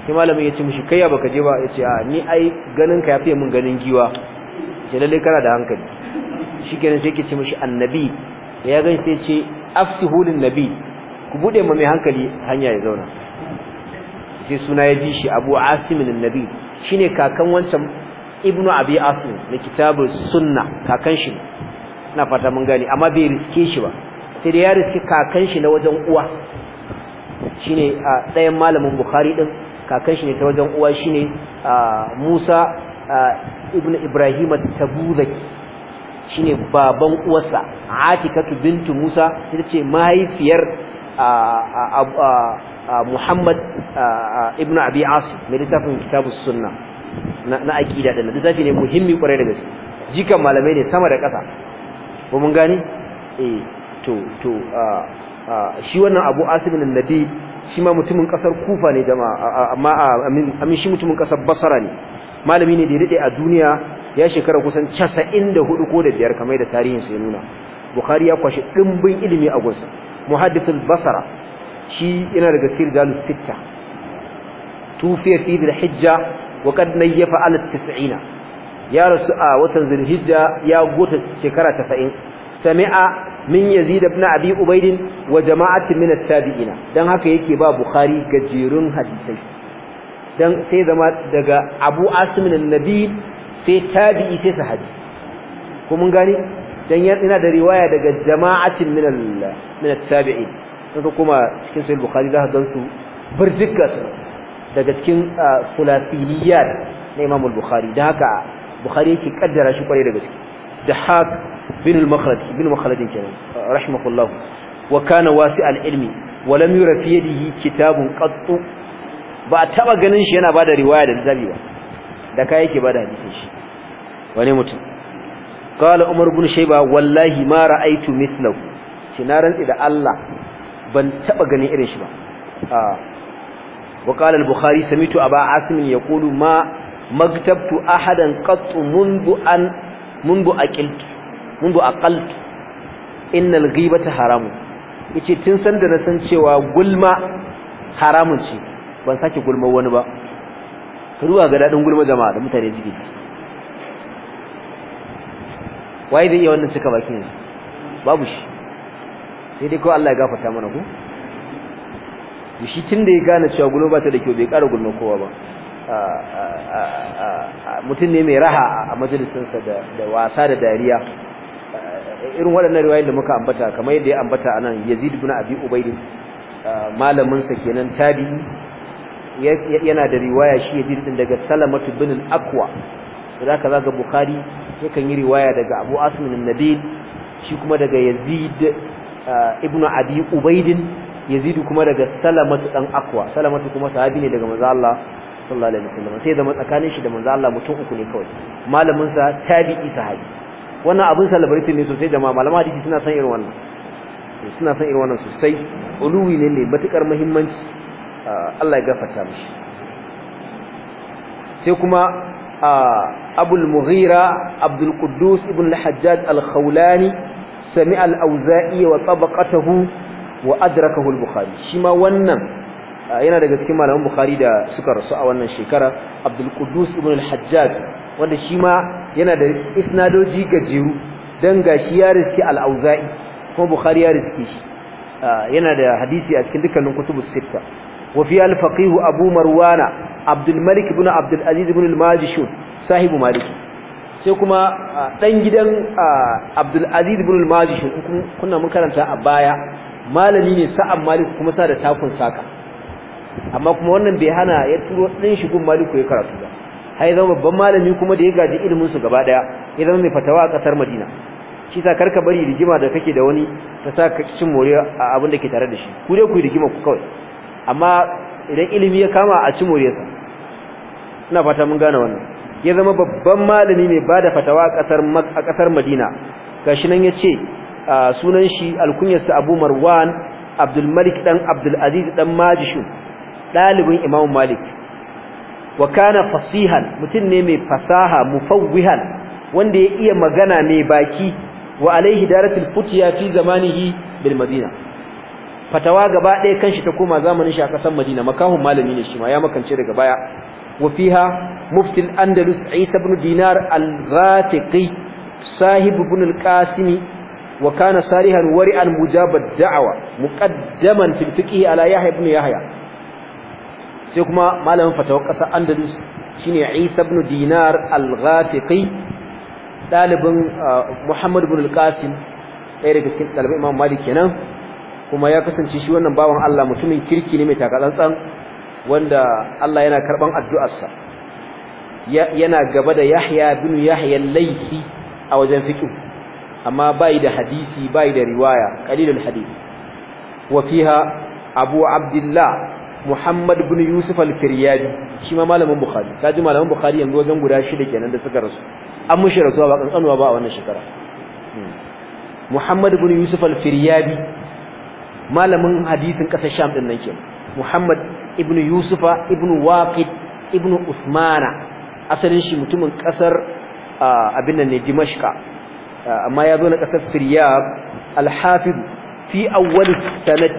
sai malamin ya ce mishi kai ya baka je ba ya ce a ni ai ganin ka yafi min ganin giwa ce lalle kana da hankali shikenan sai ke ce mishi annabi da ya gan sai ce afsihulin nabi ku bude ma mai hankali hanya ya zauna sai suna ya bi shi Abu Asim annabi shine kakan wancan Ibnu Abi Asim na sunna kakan shi ina fata mun gani, amma bai riske shi ba sai da ya riske kakan shi na wajen uwa shine a ɗayan malamin Bukhari din kakan shi ne ta wajen uwa shine Musa ibn Ibrahim at-Tabuzaki shine baban uwarsa atikatu bintu musa ita ce mahaifiyar muhammad ibnu abi asim mai littafin kitabus sunna na aqida din littafi ne muhimmi kwarai da gaske jikan malamai ne sama da ƙasa ko mun gani eh to to shi wannan abu asim bin nabi shi ma mutumin kasar kufa ne jama'a amma amin shi mutumin kasar basra ne malami ne da ya a duniya ya shekara kusan 94 ko da biyar kamar da tarihin sai nuna bukhari ya kwashi dimbin ilimi a gunsa muhaddith basra shi yana daga cikin dalil sita tufiya fi al-hijja wa qad nayyafa ala 90 ya rasu a watan zulhijja ya gota shekara 90 sami'a min yazid ibn abi ubayd wa jama'at min at-tabi'ina dan haka yake ba bukhari gajerun hadisai dan sai zama daga abu asim an-nabi sai tabi'i sai sahabi ko mun gane dan ina da riwaya daga jama'atin min al min at-tabi'in sai kuma cikin sahih bukhari da hadan su burdukka su daga cikin ah, khulafiyat na imam al-bukhari da haka bukhari yake kaddara shi kwarai da gaske da dahak bin al-makhraj bin makhraj kenan rahimahullah wa kana wasi' al-ilmi wa lam yura fi yadihi kitabun qattu ba taba ganin shi yana bada riwaya da zabi ba da ka yake ba da shi wani mutum qala umar ibn shayba wallahi ma ra'aytu mithlahu shi na rantsi da Allah ban taba ganin irin shi ba wa qala al-bukhari samitu aba ya yaqulu ma magtabtu ahadan qat mundu an mundu aqiltu mundu aqaltu innal ghibata haramu. yace tun sanda na san cewa gulma haramun ce ban sake gulmar wani ba ruwa ga dadin gulma jama'a da mutane suke wai waye da iya wannan suka baki ne babu shi sai dai ko Allah ya gafarta mana ko shi da ya gane cewa gulma ba ta da kyau bai kara gulma kowa ba mutum ne mai raha a sa da wasa da dariya irin waɗannan riwayoyin da muka ambata kamar yadda ya ambata anan Yazid ibn Abi Ubayd malamin sa kenan tabi'i yana da riwaya shi yadda din daga salamatu bin al-aqwa zaka zaga bukhari yakan yi riwaya daga abu asmin nabil shi kuma daga yazid ah, ibn abi Ubaidin yazid kuma daga salamatu dan aqwa salamatu kuma sahabi ne daga manzo Allah sallallahu alaihi wasallam sai da tsakanin shi da manzo Allah mutum uku ne kawai malamin sa tabi'i sahabi wannan abin celebrity ne sosai jama'a malama hadisi suna san irin wannan suna san irin wannan sosai uluwi ne ne matukar muhimmanci Allah ya gafarta mishi sai kuma abul mughira abdul quddus ibn al-hajjaj al-khawlani sami al-auza'i wa tabaqatahu wa adrakahu al-bukhari shi ma wannan yana daga cikin malaman bukhari da suka rasu a wannan shekara abdul quddus ibn al-hajjaj wanda shi ma yana da isnadoji gajeru dan gashi ya riski al awzai kuma bukhari ya riski shi yana da hadisi a cikin dukkanin kutubus sittah وفي الفقيه أبو مروان عبد الملك بن عبد العزيز بن الماجش صاحب مالك sai kuma dan gidan Abdul Aziz ibn al-Majishun kunna mun karanta a baya malami ne sa'an Malik kuma sa da takun amma kuma wannan bai hana ya turo din shigun gun Malik ya karatu ba hay zama babban malami kuma da ya gaji ilimin su gaba daya ya zama mai fatawa a kasar Madina shi sa karka bari rigima da kake da wani ta sa ka cikin moriya a abin da ke tare da shi ku dai ku rigima ku kawai amma idan ilimi ya kama a ci moriyarsa ina fata mun gane wannan ya zama babban malami ne ba da fatawa a ƙasar madina gashi nan ya ce sunan shi alkunyarsa abu marwan abdulmalik ɗan aziz ɗan majishu ɗalibin Imam malik wa kana fasihan mutum ne mai fasaha mufawwihan wanda ya iya magana mai baki wa alaihi daratul futiya fi zamanihi bil madina fatawa gaba ɗaya kanshi ta koma zamanin shi a ƙasar Madina makahun malami ne shi ma ya makance daga baya wa fiha mufti al-Andalus Isa ibn Dinar al-Ghafiqi sahib ibn al-Qasimi wa kana sarihan wari'an mujabad da'wa muqaddaman fil ala Yahya ibn Yahya sai kuma malamin fatawar ƙasar Andalus shine Isa ibn Dinar al-Ghafiqi dalibin ah, Muhammad ibn al-Qasim ɗaya daga cikin ɗalibai Imam Malik kenan kuma ya kasance shi wannan bawan Allah mutumin kirki ne mai takatsantsan wanda Allah yana karban addu'arsa yana gaba da Yahya bin Yahya al-Laythi a wajen fiqh amma bai da hadisi bai da riwaya qalilul hadith wa fiha Abu Abdullah Muhammad bin Yusuf al-Firyadi shi ma malamin Bukhari kaji malamin Bukhari yanzu wajen guda shida kenan da suka rasu an mushi rasuwa ba kankanuwa ba a wannan shekara hmm. Muhammad bin Yusuf al-Firyadi malamin hadisin kasar sham din nan kenan muhammad ibnu yusufa ibnu waqid ibnu usmana asalin shi mutumin kasar abin nan ne dimashqa amma ya zo na kasar firyab al fi awwal sanad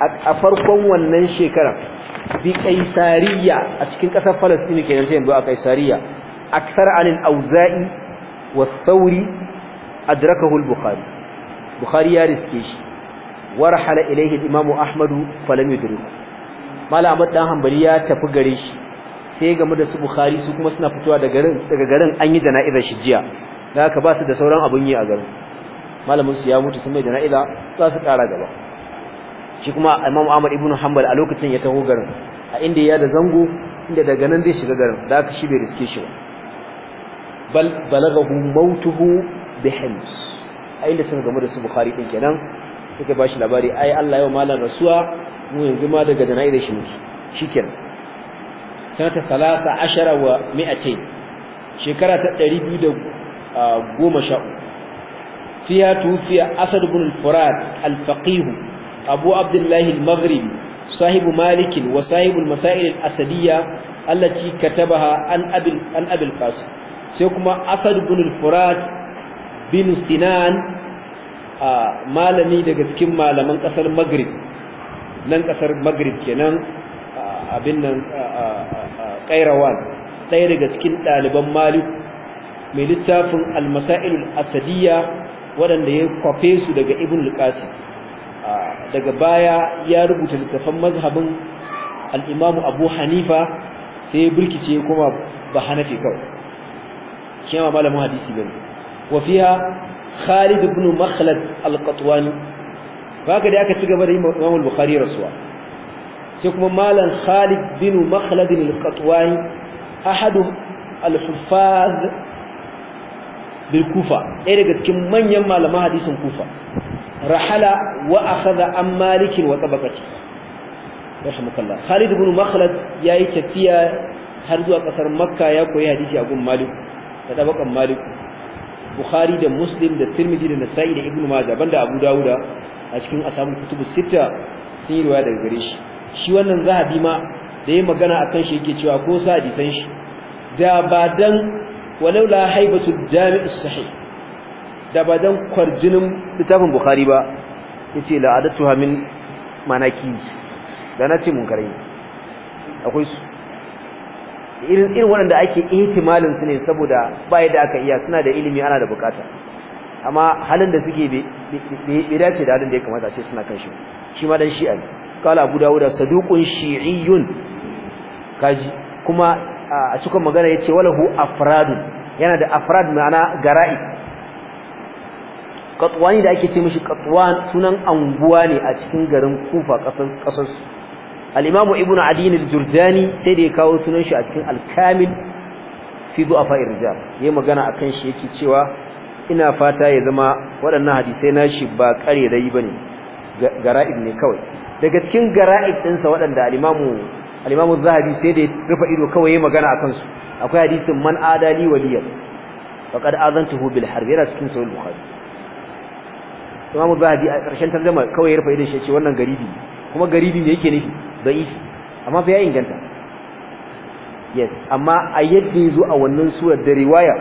a farkon wannan shekara bi kaisariya a cikin kasar palestine kenan sai yanzu a kaisariya akthar anil auza'i was-thawri adrakahu al-bukhari bukhari ya riske shi warhala ilayhi imam ahmadu falam yudrik malam ahmad dan hanbali ya tafi gare shi sai game da su bukhari su kuma suna fitowa daga garin an yi jana'izar shi jiya da haka ba su da sauran abun yi a garin malamin ya mutu sun mai jana'iza za su kara gaba shi kuma imam ahmad ibnu hanbal a lokacin ya taho garin a inda ya da zango inda daga nan zai shiga garin da haka shi bai riske shi ba bal balaghahu mautuhu bihims a inda suka game da su bukhari din kenan suka bashi labari ai Allah yau malam rasuwa mu yanzu ma daga jana'izar shi mutu shikenan sanata salasa ashara wa mi'atain shekara ta 210 fiya tufiya asad ibn al-furat al-faqih abu abdullah al-maghribi sahibu malik wa sahibu al-masail al-asadiyya allati katabaha an abi an qasim sai kuma asad ibn furat bin sinan a malami daga cikin malaman kasar magrib nan kasar magrib kenan abin nan kairawan ɗaya daga cikin ɗaliban malik mai littafin almasailul asadiyya waɗanda ya kwafe su daga ibn luqasi daga baya ya rubuta littafan mazhabin al-imamu abu hanifa sai ya birkice kuma ba hanafi kawai kiyama malamin hadisi bane wa fiha Khalid ibn Makhlad al-Qatwani baka da aka ci gaba da Imam al-Bukhari rasuwa sai kuma malam Khalid bin Makhlad al-Qatwani ahad al-huffaz bil Kufa ɗaya daga cikin manyan malaman hadisin Kufa rahala wa akhadha an Malik wa tabaqati rahmukallah yayi tafiya har zuwa ƙasar Makka ya koyi hadisi a Malik da tabakan Malik bukhari da muslim da tirmidhi da nasa'i da ibnu majah banda abu dauda a cikin ashabul kutubus sita sun yi riwaya daga gare shi shi wannan zahabi ma da yayi magana akan shi yake cewa ko sa hadisan shi da ba dan walau la haibatul jami' sahih da ba kwarjinin littafin bukhari ba yace la'adatuha min manaki da nace mun kare akwai su irin wanda ake ihtimalin su ne saboda ba da aka iya suna da ilimi ana da bukata amma halin da suke bai dace da halin da ya kamata ce suna kan shi shi ma dan shi'a ne kala abu dawuda saduqun shi'iyyun kaji kuma a cikin magana yace walahu afradun yana da afrad ma'ana gara'i katwani da ake ce mishi katwan sunan anguwa ne a cikin garin kufa kasan kasan al-imam ibn adin al sai da ya kawo sunan shi a cikin al-kamil fi du'afa ar-rijal yayi magana akan shi yake cewa ina fata ya zama waɗannan hadisai nashi ba kare dai bane gara'ib ne kawai daga cikin gara'ib ɗinsa waɗanda al-imamu al-imamu zahabi sai da rufa ido kawai yayi magana akan su akwai hadisin man adali waliyan faqad azantuhu yana cikin imamu zahabi a ƙarshen kawai ya ido ce wannan garibi kuma garibi ne yake nufi da'if amma fa ya inganta yes amma a yadda zo a wannan surar da riwaya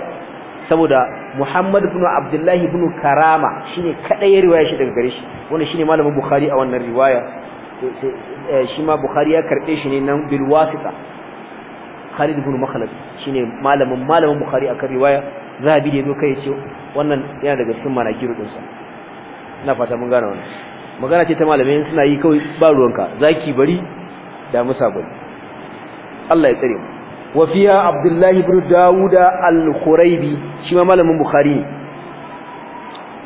saboda Muhammad ibn Abdullah ibn Karama shine kadai ya riwaya shi daga gare shi wannan shine malamin Bukhari a wannan riwaya eh, shi ma Bukhari ya karbe shi ne nan bil wasita Khalid ibn Makhlad shine malamin malamin Bukhari akan riwaya bi da zo kai ce wannan yana daga cikin manakirudin sa ina fata mun gane wannan magana ce ta malamai suna yi kawai ba ruwanka zaki bari da musa bari Allah ya tsare mu wa fiha abdullahi ibn daud al-khuraibi shi ma malamin bukhari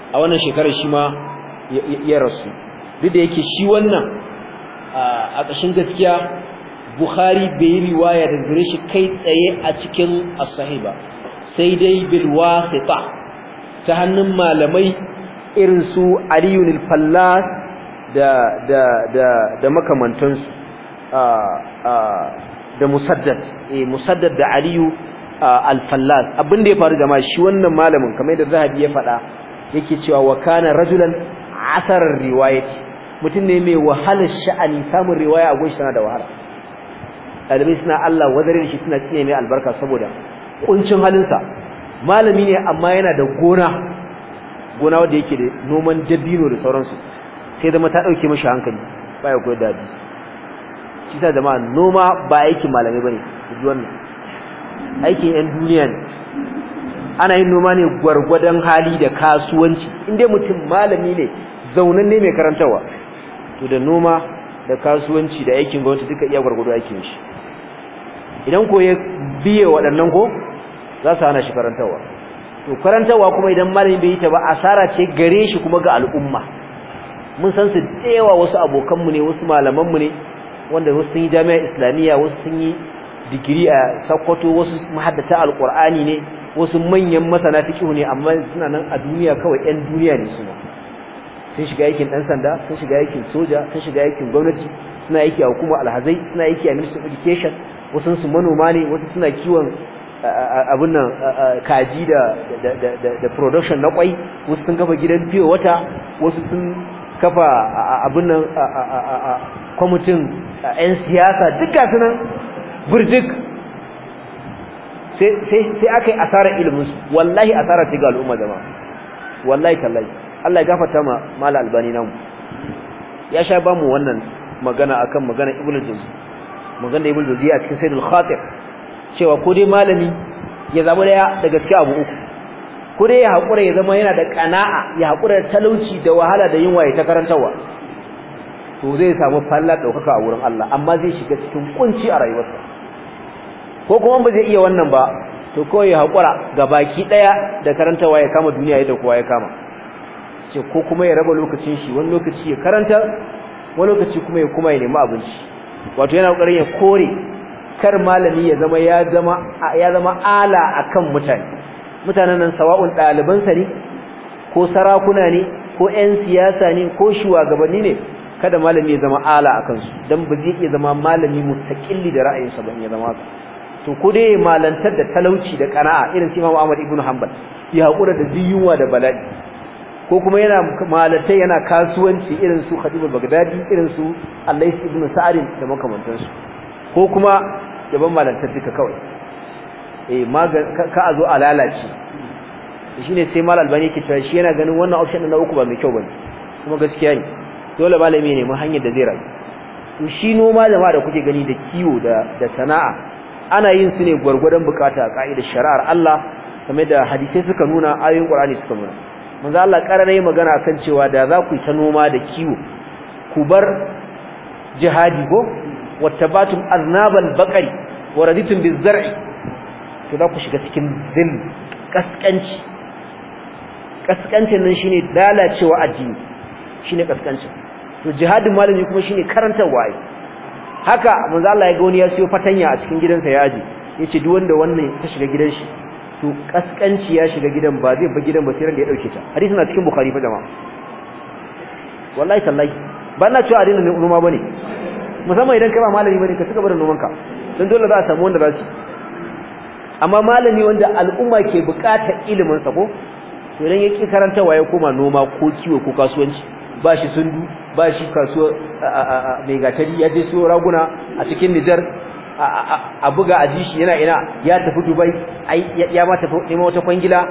a wannan shekarar shi ma ya rasu duk da yake shi wannan a ƙashin gaskiya bukhari bai yi riwaya da gare shi kai tsaye a cikin as-sahih ba sai dai bil wasita ta hannun malamai irin su aliyun al-fallas da da da da makamantansu da musaddad eh musaddad da aliyu al fallal abin da ya faru jama'a shi wannan malamin kamar yadda zahabi ya faɗa yake cewa wa kana rajulan asarar riwayati mutum ne mai wahalar sha'ani samun riwaya a goshi tana da wahala ɗalibai suna Allah wadarin shi suna cinye mai albarka saboda kuncin halinsa malami ne amma yana da gona gona wanda yake da noman dabino da sauransu sai zama ta dauke mashi hankali baya koyar da hadisi shi ta zama noma ba aikin malamai bane ji wannan aikin yan duniya ne ana yin noma ne gwargwadon hali da kasuwanci inda mutum malami ne zaunan ne mai karantawa to da noma da kasuwanci da aikin gwamnati duka iya gwargwado aikin shi idan ko ya biye waɗannan ko za su hana shi karantawa to karantawa kuma idan malami bai yi ta ba asara ce gare shi kuma ga al'umma mun san su dewa wasu abokanmu ne wasu malamanmu ne wanda wasu sun yi jami'a islamiyya wasu sun yi digiri a sakkwato wasu mahaddata alkur'ani ne wasu manyan masana fiqhu ne amma suna nan a duniya kawai yan duniya ne suna sun shiga aikin ɗan sanda sun shiga aikin soja sun shiga aikin gwamnati suna aiki a hukumar alhazai suna aiki a ministry of education wasu su manoma ne wasu suna kiwon abin nan kaji da da production na kwai wasu sun kafa gidan fiye wata wasu sun kafa abin nan kwamitin 'yan siyasa duka gasu burjik sai aka yi asarar iliminsu wallahi asarar ce ga al'umma zama wallahi tallahi Allah ya gafata ma mala albani namu ya sha ba mu wannan magana akan magana al jawzi magana al jawzi a cikin sayyidul khatir cewa ko dai malami ya zama daya daga cikin abu uku ko dai ya hakura ya zama yana da ƙana'a, ya hakura talauci da wahala da yunwa ya ta karantawa to zai samu falla daukaka a wurin Allah amma zai shiga cikin kunci a rayuwarsa ko kuma ba zai iya wannan ba to kawai ya hakura gabaki daya da karantawa ya kama duniya yadda kowa ya kama ce ko kuma ya raba lokacin shi wani lokaci ya karanta wani lokaci kuma ya kuma ya nemi abinci wato yana kokarin ya kore kar malami ya zama ya zama ya zama ala akan mutane mutanen nan sawa'un ɗalibansa ne ko sarakuna ne ko 'yan siyasa ne ko shugabanni ne kada malami ya zama ala a kansu don ba zai iya zama malami mutakilli da sa ba ya zama to ko dai malantar da talauci da kana'a irin su Imam Ahmad ibn Hanbal ya hakura da ziyuwa da bala'i ko kuma yana malatai yana kasuwanci irin su Khatib baghdadi irin su Allah ibn Sa'id da makamantansu ko kuma yaban malantar duka kawai eh ka a zo a lalace shine sai mal albani ke tashi yana ganin wannan option din na uku ba mai kyau bane kuma gaskiya ne dole malami ne mu hanyar da zai rayu to shi noma jama'a da kuke gani da kiwo da da sana'a ana yin su ne gwargwadon bukata a ka'idar shari'ar Allah kuma da hadisi suka nuna ayoyin Qur'ani suka nuna manzo Allah yi magana akan cewa da za ku yi ta noma da kiwo ku bar jihadi go wattabatum aznabal baqari wa raditum bizar'i to za ku shiga cikin zil kaskanci kaskancin nan shine lalacewa addini shine kaskancin to jihadin malami kuma shine karantar waye. haka manzo Allah ya ga wani ya siyo fatanya a cikin gidansa ya aje yace duk wanda wannan ta shiga gidan shi to kaskanci ya shiga gidan ba zai ba gidan ba sai ran da ya dauke ta hadisi na cikin bukhari fa jama'a wallahi tallahi ba na cewa addinin ne umma bane musamman idan kai ba malami bane ka cigaba da noman ka dan dole za a samu wanda za su amma malami wanda al'umma ke buƙatar ilimin sa ko to dan yake karantawa ya koma noma ko kiwo ko kasuwanci ba shi sundu ba shi kasuwa mai gatari ya je so raguna a cikin Nijar a buga a jishi yana ina ya tafi Dubai ya ma tafi neman wata kwangila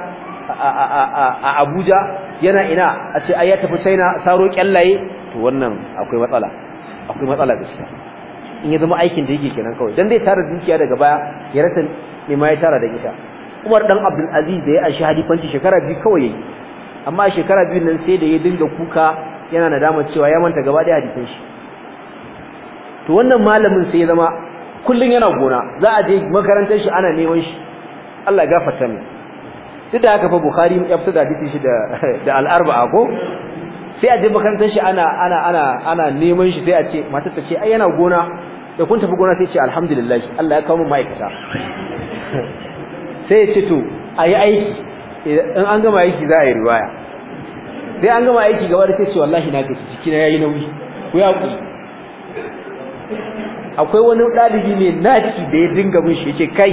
a Abuja yana ina a ce ai ya tafi China saro kyallaye to wannan akwai matsala akwai matsala gaskiya in ya zama aikin da yake kenan kawai dan zai tara dukiya daga baya ya rasa ne ma ya tara da ita Umar dan Abdul Aziz da ya ashi hadifanci shekara biyu kawai yayi amma shekara biyu nan sai da ya dinga kuka yana nadama cewa ya manta gaba daya hadisin shi to wannan malamin sai ya zama kullun yana gona za a je makarantar shi ana neman shi Allah ya gafarta mu duk da haka fa Bukhari ya fita da hadisin shi da da al-arba'a ko sai a je makarantar shi ana ana ana ana neman shi sai a ce matar ta ce ai yana gona da kun tafi gona sai ce alhamdulillah Allah ya kawo mu ma'aikata sai ya ce to a yi aiki in an gama aiki za a yi riwaya sai an gama aiki gaba da ke ce wallahi na gaji jikina ya yi nauyi ko ya ku akwai wani ɗalibi ne naci da ya dinga mun shi ce kai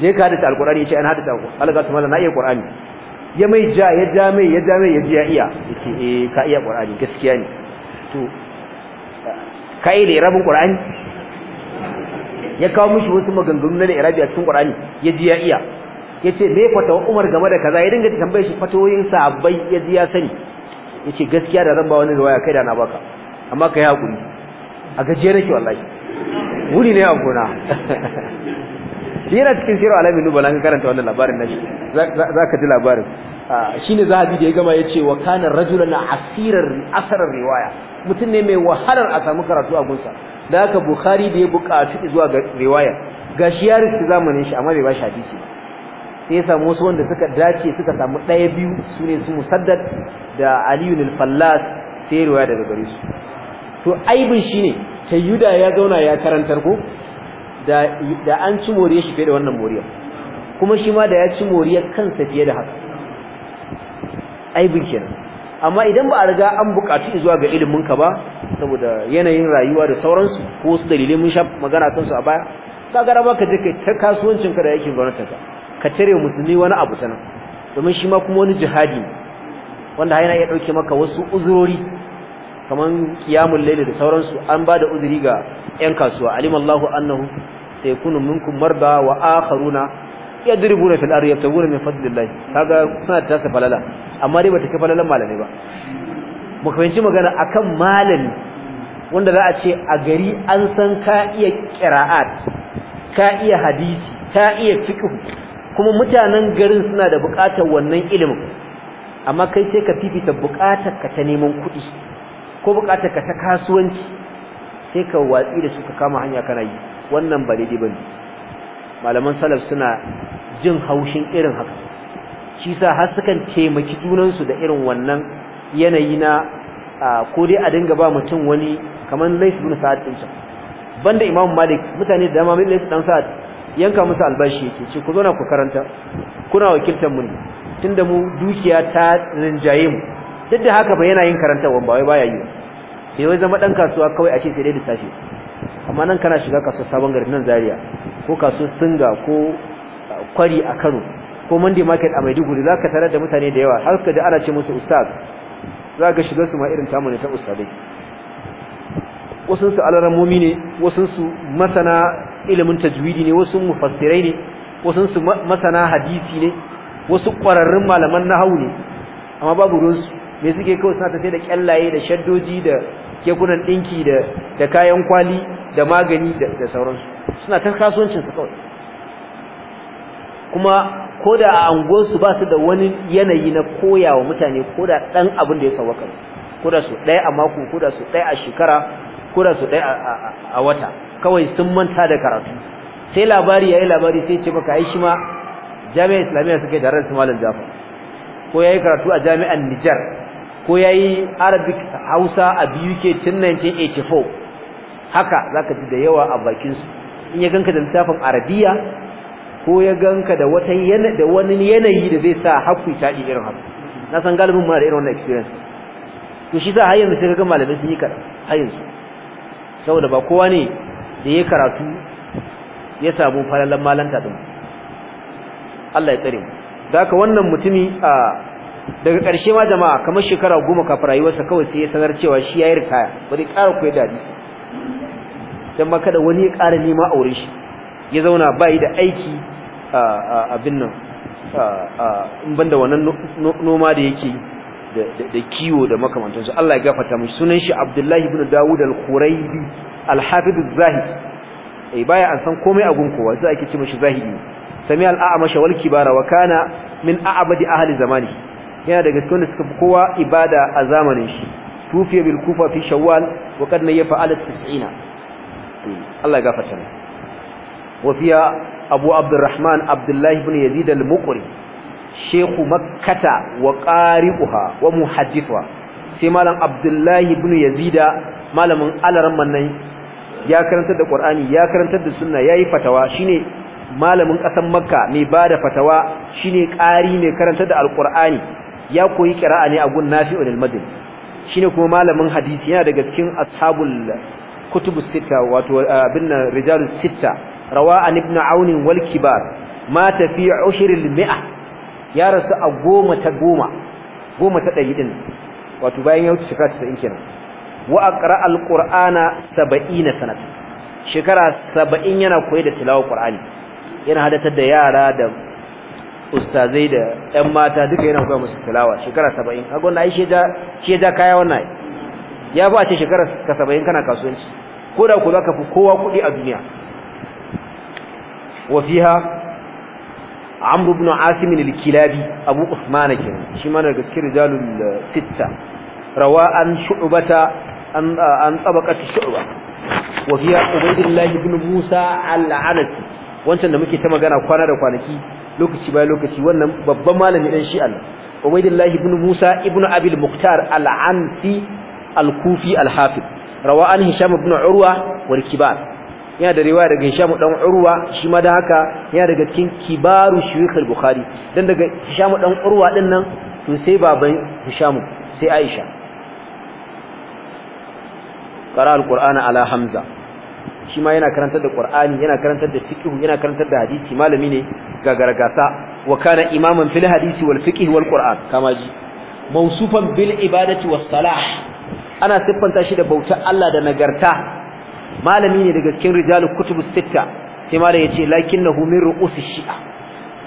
je ka da alkur'ani ya ce an ta ku alaga tumala na iya ƙur'ani. ya mai ja ya ja mai ya ja mai ya ji ya iya yace eh ka iya ƙur'ani gaskiya ne to kai ne rabin ƙur'ani. ya kawo mishi wasu maganganu na irabi a cikin qur'ani ya ji ya iya yace me fatawa umar game da kaza ya dinga tambaye shi fatawoyin sahabbai ya ji ya sani yace gaskiya da zan ba wani riwaya kai da na baka amma kai hakuri a gajiyar nake wallahi wuri ne a gona yana cikin sirar alamin nubala kan karanta wannan labarin nashi ka ji labarin shine zahabi da ya gama yace wa kana rajulan asirar asarar riwaya mutum ne mai wahalar a samu karatu a gunsa da haka bukhari da ya buƙaci zuwa ga riwaya gashi ya riski zamanin shi amma bai ba shi hadisi sai ya samu wasu wanda suka dace suka samu ɗaya biyu su ne su musaddad da aliyu al-fallas sai ya riwaya daga gare su to aibin shine tayyuda ya zauna ya karantar ko da da an ci moriya shi fiye da wannan moriya kuma shi ma da ya ci Moriya kansa fiye da haka aibin kenan amma idan ba a riga an buƙatu zuwa ga ilimin ka ba saboda yanayin rayuwa da sauransu ko wasu dalilin mun sha magana kan su a baya ka ga raba ka je kai ta kasuwancin ka da yake gwamnati ka ka tare musulmi wani abu ta nan domin shi ma kuma wani jihadi wanda yana iya dauke maka wasu uzurori kaman qiyamul layl da sauransu an ba da uzuri ga yan kasuwa alimallahu annahu sayakunu minkum marda wa akharuna yadribuna fil ardi yabtaguna min fadlillah kaga suna ta falala amma dai bata kai falalan malami ba mu fahimci magana akan malami wanda za a ce a gari an san ka iya qira'at ka iya hadisi ka iya fiqh kuma mutanen garin suna da buƙatar wannan ilimin amma kai sai ka fifita buƙatar ka ta neman kuɗi ko buƙatar ka ta kasuwanci sai ka watsi da su ka kama hanya kana yi wannan ba daidai bane malaman salaf suna jin haushin irin haka shi sa har sukan taimaki junansu da irin wannan yanayi na ko dai a dinga ba mutum wani kamar lais bin sa'ad din banda imam malik mutane da dama lais dan sa'ad yanka musu albashi yake ce ku zo na ku karanta kuna wakiltar mu ne tunda mu dukiya ta rinjaye mu duk da haka ba yana yin karantarwa ba wai baya yi sai wai zama dan kasuwa kawai a ce sai dai da safe amma nan kana shiga kasuwar sabon gari nan zaria ko kasuwar singa ko uh, kwari a kano ko monday market a maiduguri za ka tarar da mutane da yawa har ka ji ana ce musu ustaz za ka shiga su ma irin tamu ne ta su wasunsu alaramomi ne wasunsu masana ilimin tajwidi ne wasu mufassirai ne wasunsu masana hadisi ne wasu ƙwararrun malaman nahawu ne amma babu ruwansu me suke kawai suna tafiya da kyallaye da shaddoji da kekunan dinki da da kayan kwali da magani da, da sauransu suna ta kasuwancin su kawai kuma koda a angon su ba su da wani yanayi na koyawa mutane koda dan abin da ya sawaka koda su ɗaya a mako koda su ɗaya a shekara koda su ɗaya a wata kawai sun manta da karatu sai labari yayi labari sai ce maka ai shi ma jami'a islamiyya suke da ran su malam jafa ko yayi karatu a jami'an Nijar ko yayi arabic hausa a BUK tun 1984 haka zaka ji da yawa a bakin su in ya ganka da littafin arabiya ko ya ganka da wata yana da wani yanayi da zai sa hakku ta yi irin haka na san galibin mu da irin wannan experience to shi za har yanzu sai ga malamai sun yi kar har saboda ba kowa ne da yake karatu ya samu falalan malanta din Allah ya tsare mu da haka wannan mutumi a ah, daga ƙarshe ma jama'a kamar shekara goma kafin rayuwarsa kawai sai ya sanar cewa shi ya yi ritaya wani ƙara koyi ya don ma kada wani ya ƙara nema aure shi ya zauna bayi da aiki abin nan in da wannan noma da yake da kiwo da makamantansu Allah ya gafata mai sunan shi Abdullahi bin Dawud al kuraibi al-Hafiz az eh, baya an san komai a gunkowa sai ake ce mashi zahiri sami al wal kibara wa kana min a'badi ahli zamani yana daga cikin wanda suka fi kowa ibada a zamanin shi tufiya bil kufa fi shawwal wa qad nayya fa'ala 90 Allah ya gafarta mai wa fiya Abu Abdurrahman Abdullah ibn Yazid al-Muqri Sheikh Makkah wa qari'uha wa muhaddithuha sai malam Abdullah ibn Yazid malamin alaran nan ya karanta da Qur'ani ya karanta da sunna yayi fatawa shine malamin kasan Makka mai bada fatawa shine qari ne karanta da al ya koyi kira'a ne a gun Nafi'u madin shi ne kuma malamin hadisi yana daga cikin ashabul kutubus sita wato abinna rijalus sita rawa an ibn Aun wal Kibar mata fi ushril mia ya rasu a goma ta goma goma ta dari din wato bayan ya wuce shekara 90 kenan wa aqra al-qur'ana 70 sanata shekara 70 yana koyi da tilawul qur'ani yana hadatar da yara da ustazai da ƴan mata duka yana koya musu tilawa shekara 70 kaga wannan ai sheja sheja kaya wannan ya ba ce shekara 70 kana kasuwanci ko da ku zaka fi kowa kudi a duniya wa fiha amr ibn asim al-kilabi abu usman kenan shi ma daga cikin rijalul eh, sitta rawa an shu'bata an eh, an tabaqat shu'ba wa fiha ubaydillah ibn musa al-anasi wancan da muke ta magana kwana da kwanaki lokaci bayan lokaci wannan babban malami dan shi'a Ubaydullah ibn Musa ibn Abi al-Muqtar al-Anfi al-Kufi al-Hafiz rawa an Hisham ibn Urwa wal Kibar yana da riwaya daga Hisham dan Urwa shi ma da haka yana daga cikin kibaru shuyukh al-Bukhari dan daga Hisham dan Urwa din nan to sai baban Hisham sai Aisha qara al-Qur'ana ala Hamza shi ma yana karantar da Qur'ani yana karantar da fiqh yana karantar da hadisi malami ne ga gargasa wa kana imaman fil hadisi wal fiqh wal Qur'an kama ji mausufan bil ibadati was salah ana siffanta shi da bauta Allah da nagarta malami ne daga cikin rijalul kutubus sitta sai malai yace lakinnahu min ru'usish shi'a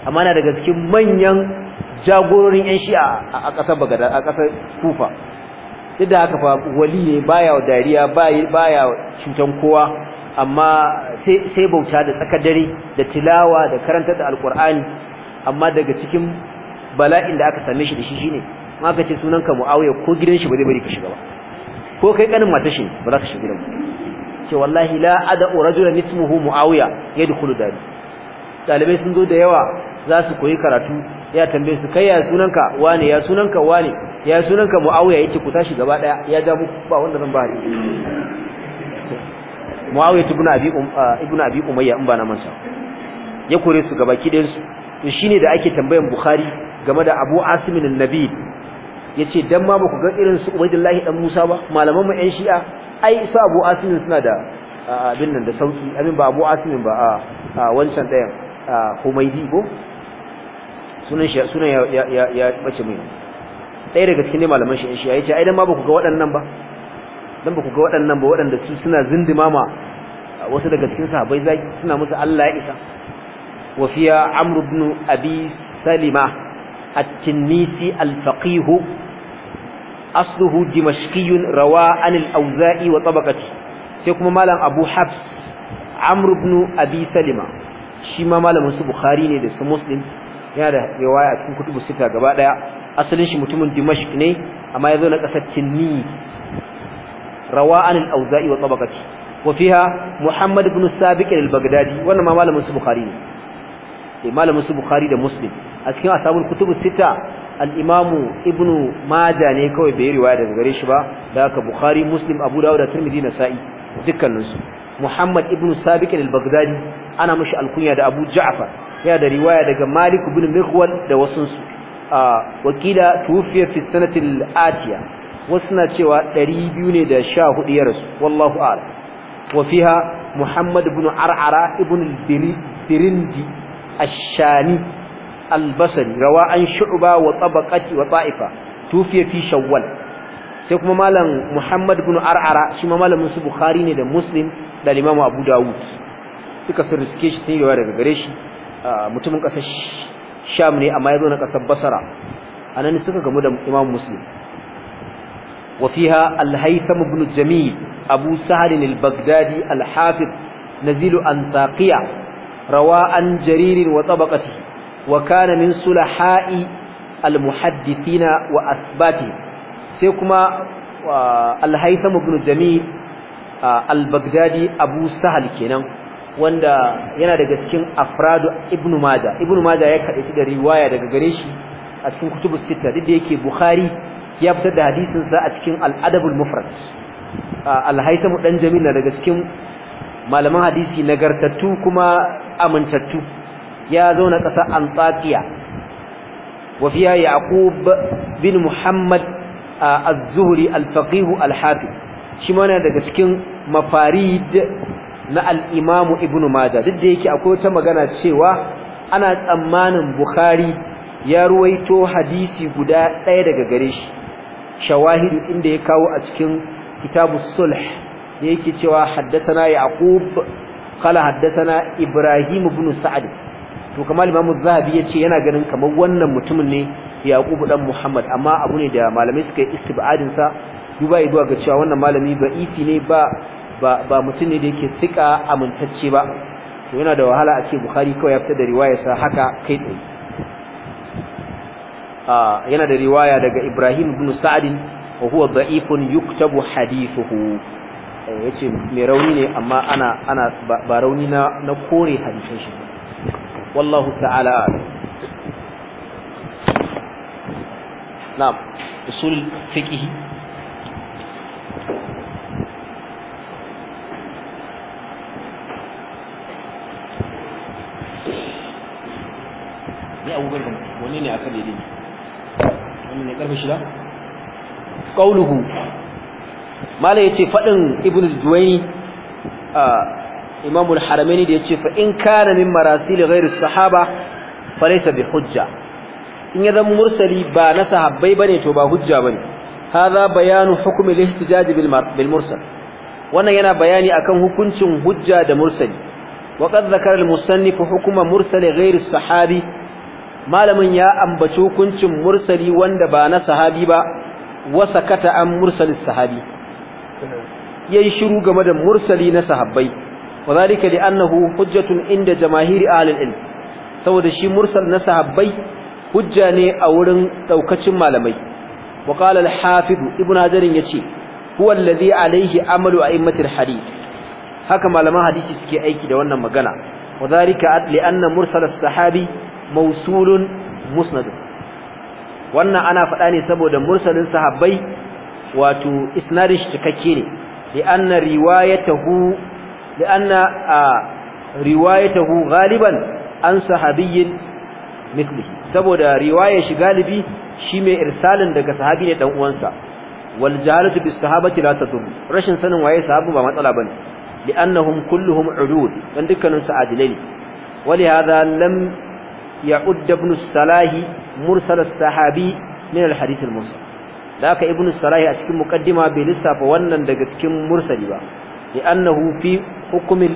amma na daga cikin manyan jagororin yan shi'a a kasar bagada a kasar kufa duk da haka fa wali ne baya dariya baya cutan kowa amma sai bauta da tsakar dare da tilawa da karanta da alkur'ani amma daga cikin bala'in da aka same shi da shi shine ma ka ce sunanka muawiya ko gidan shi ba zai bari ka shiga ba ko kai kanin mata shi ba za ka shiga ba ce wallahi la ad'u rajulan ismuhu muawiya yadkhulu dari dalibai sun zo da yawa za su koyi karatu ya tambaye su kai ya sunanka wane ya sunanka wane ya sunanka muawiya yake ku tashi gaba daya ya ja muku ba wanda zan ba ni muawiya ibn abi um, ah, ibn abi umayya in ba na masa ya kore su gaba kidan su to shine da ake tambayan bukhari game da abu asim bin nabi yace dan ma ku ga irin su ubaidillahi dan musa ba malaman mu yan shi'a ai su abu asim suna da ah, abin nan da sauki Amin ba abu asim ba a ah, wancan dayan humaidi ko sunan shi sunan ya ya ya bace mai ɗaya daga cikin malaman shi shi yace ai dan ma ba ku ga waɗannan ba dan ba ku ga waɗannan ba waɗanda su suna zindimama wasu daga cikin sahabbai zaki suna musu Allah ya isa wa fiya Amr ibn Abi Salima at-Tinnisi al-faqih asluhu dimashqiyun rawa an al-Awza'i wa tabaqati sai kuma malam Abu Habs Amr ibn Abi Salima shi ma malamin su Bukhari ne da su Muslim yana da riwaya a cikin kutubu sita gaba daya asalin shi mutumin dimashq ne amma yazo na kasar tinni rawa an al-auza'i wa tabaqati wa fiha muhammad ibn sabiq al-baghdadi wannan ma malamin su bukhari ne eh, malamin su bukhari da muslim a cikin asabul kutubu sita al-imamu ibn majah ne kawai bai riwaya daga gare shi ba da aka bukhari muslim abu dawud da tirmidhi nasa'i dukkaninsu muhammad ibn sabiq al-baghdadi ana mashi alkunya da abu ja'far ya da riwaya daga Malik ibn Mikhwal da wasu a wakila tufiya fi sanatil atiya wasu cewa 200 ne da 14 ya rasu wallahu a'lam wa fiha Muhammad ibn Ar'ara ibn al-Birindi ash-Shami al-Basri rawa an Shu'ba wa tabaqati wa Ta'ifa tufiya fi Shawwal sai kuma malam Muhammad ibn Ar'ara shi ma malamin su Bukhari ne da Muslim da Imam Abu Dawud suka sun riske shi sun yi gare shi mutumin kasar sham ne amma ya na kasar basara anan suka gamu da imam muslim wa fiha al-haytham ibn jamil abu sa'd al-baghdadi al-hafiz nazilu antaqiya rawa an jarir wa tabaqatihi wa kana min sulaha'i al-muhaddithina wa asbati sai kuma al-haytham ibn jamil al-baghdadi abu sahal kenan wanda yana daga cikin afradu ibnu maja ibnu maja ya kade shi da riwaya daga gare shi a cikin kutubu sita duk da yake bukhari ya fitar da hadisin sa a cikin al-adabul mufrad al-haytham dan jamila daga cikin malaman hadisi nagartattu kuma amintattu ya zauna kasar antakiya wa fiha yaqub bin muhammad az-zuhri al-faqih al-hafiz shi ma daga cikin mafarid na al-Imam Ibn Majah duk da yake akwai ta magana cewa ana tsammanin Bukhari ya ruwaito hadisi guda ɗaya daga gare shi shawahidu inda ya kawo a cikin kitabu sulh da yake cewa haddathana Yaqub qala haddathana Ibrahim ibn Sa'd to kamar Imam Az-Zahabi yace yana ganin kamar wannan mutumin ne Yaqub dan Muhammad amma abu ne da malamai suka yi istibadin sa duba ga cewa wannan malami ba ba'ifi ne ba ba mutum ne da yake tsika amintacce ba to yana da wahala a ce bukhari kawai ya fita da riwaya sa haka kai tsaye yana da riwaya daga ibrahim ibn sa'adin wa huwa da'ifun yuktabu hadithuhu eh, yace me rauni ne amma ana ana ba rauni na na kore hadisin shi wallahu ta'ala na'am usul fiqhi ne abubakar da wani ne akan daidai wannan ne karfe shida qauluhu mala yace fadin ibnu juwayni imam al-haramaini da yace fa in kana min marasil ghairu sahaba falaysa bi hujja in ya zama mursali ba na sahabbai ba ne to ba hujja ba ne. Ha za bayanu hukm al-ihtijaj bil mursal wannan yana bayani akan hukuncin hujja da mursali zakarar ذكر المصنف حكم مرسل غير sahabi. malamin ya ambaci hukuncin mursali wanda ba na sahabi ba wasa kata an mursalin sahabi yayi shiru game da mursali na sahabbai wadhalika li annahu hujjatun inda jamaahiri ahli ilm saboda shi mursal na sahabbai hujja ne a wurin daukacin malamai wa qala al-hafiz ibn hajar yace huwa alladhi alayhi amalu a'immatil hadith haka malaman hadisi suke aiki da wannan magana wadhalika li anna mursal as-sahabi mausulun musnad wannan ana faɗa ne saboda mursalin sahabbai wato isnadin shi cikakke ne li'anna riwayatahu li'anna riwayatahu galiban an sahabiyyin mithlihi saboda riwayar shi galibi shi mai irsalin daga sahabi ne dan uwansa wal jahalatu bis sahabati la tadur rashin sanin waye sahabu ba matsala bane li'annahum kulluhum udud dan dukkanin su adilai wali hadha يعد ابن الصلاح مرسل الصحابي من الحديث المرسل ذاك ابن الصلاح أسكن مقدمة بلسة فوانا دقتكم مرسل با لأنه في حكم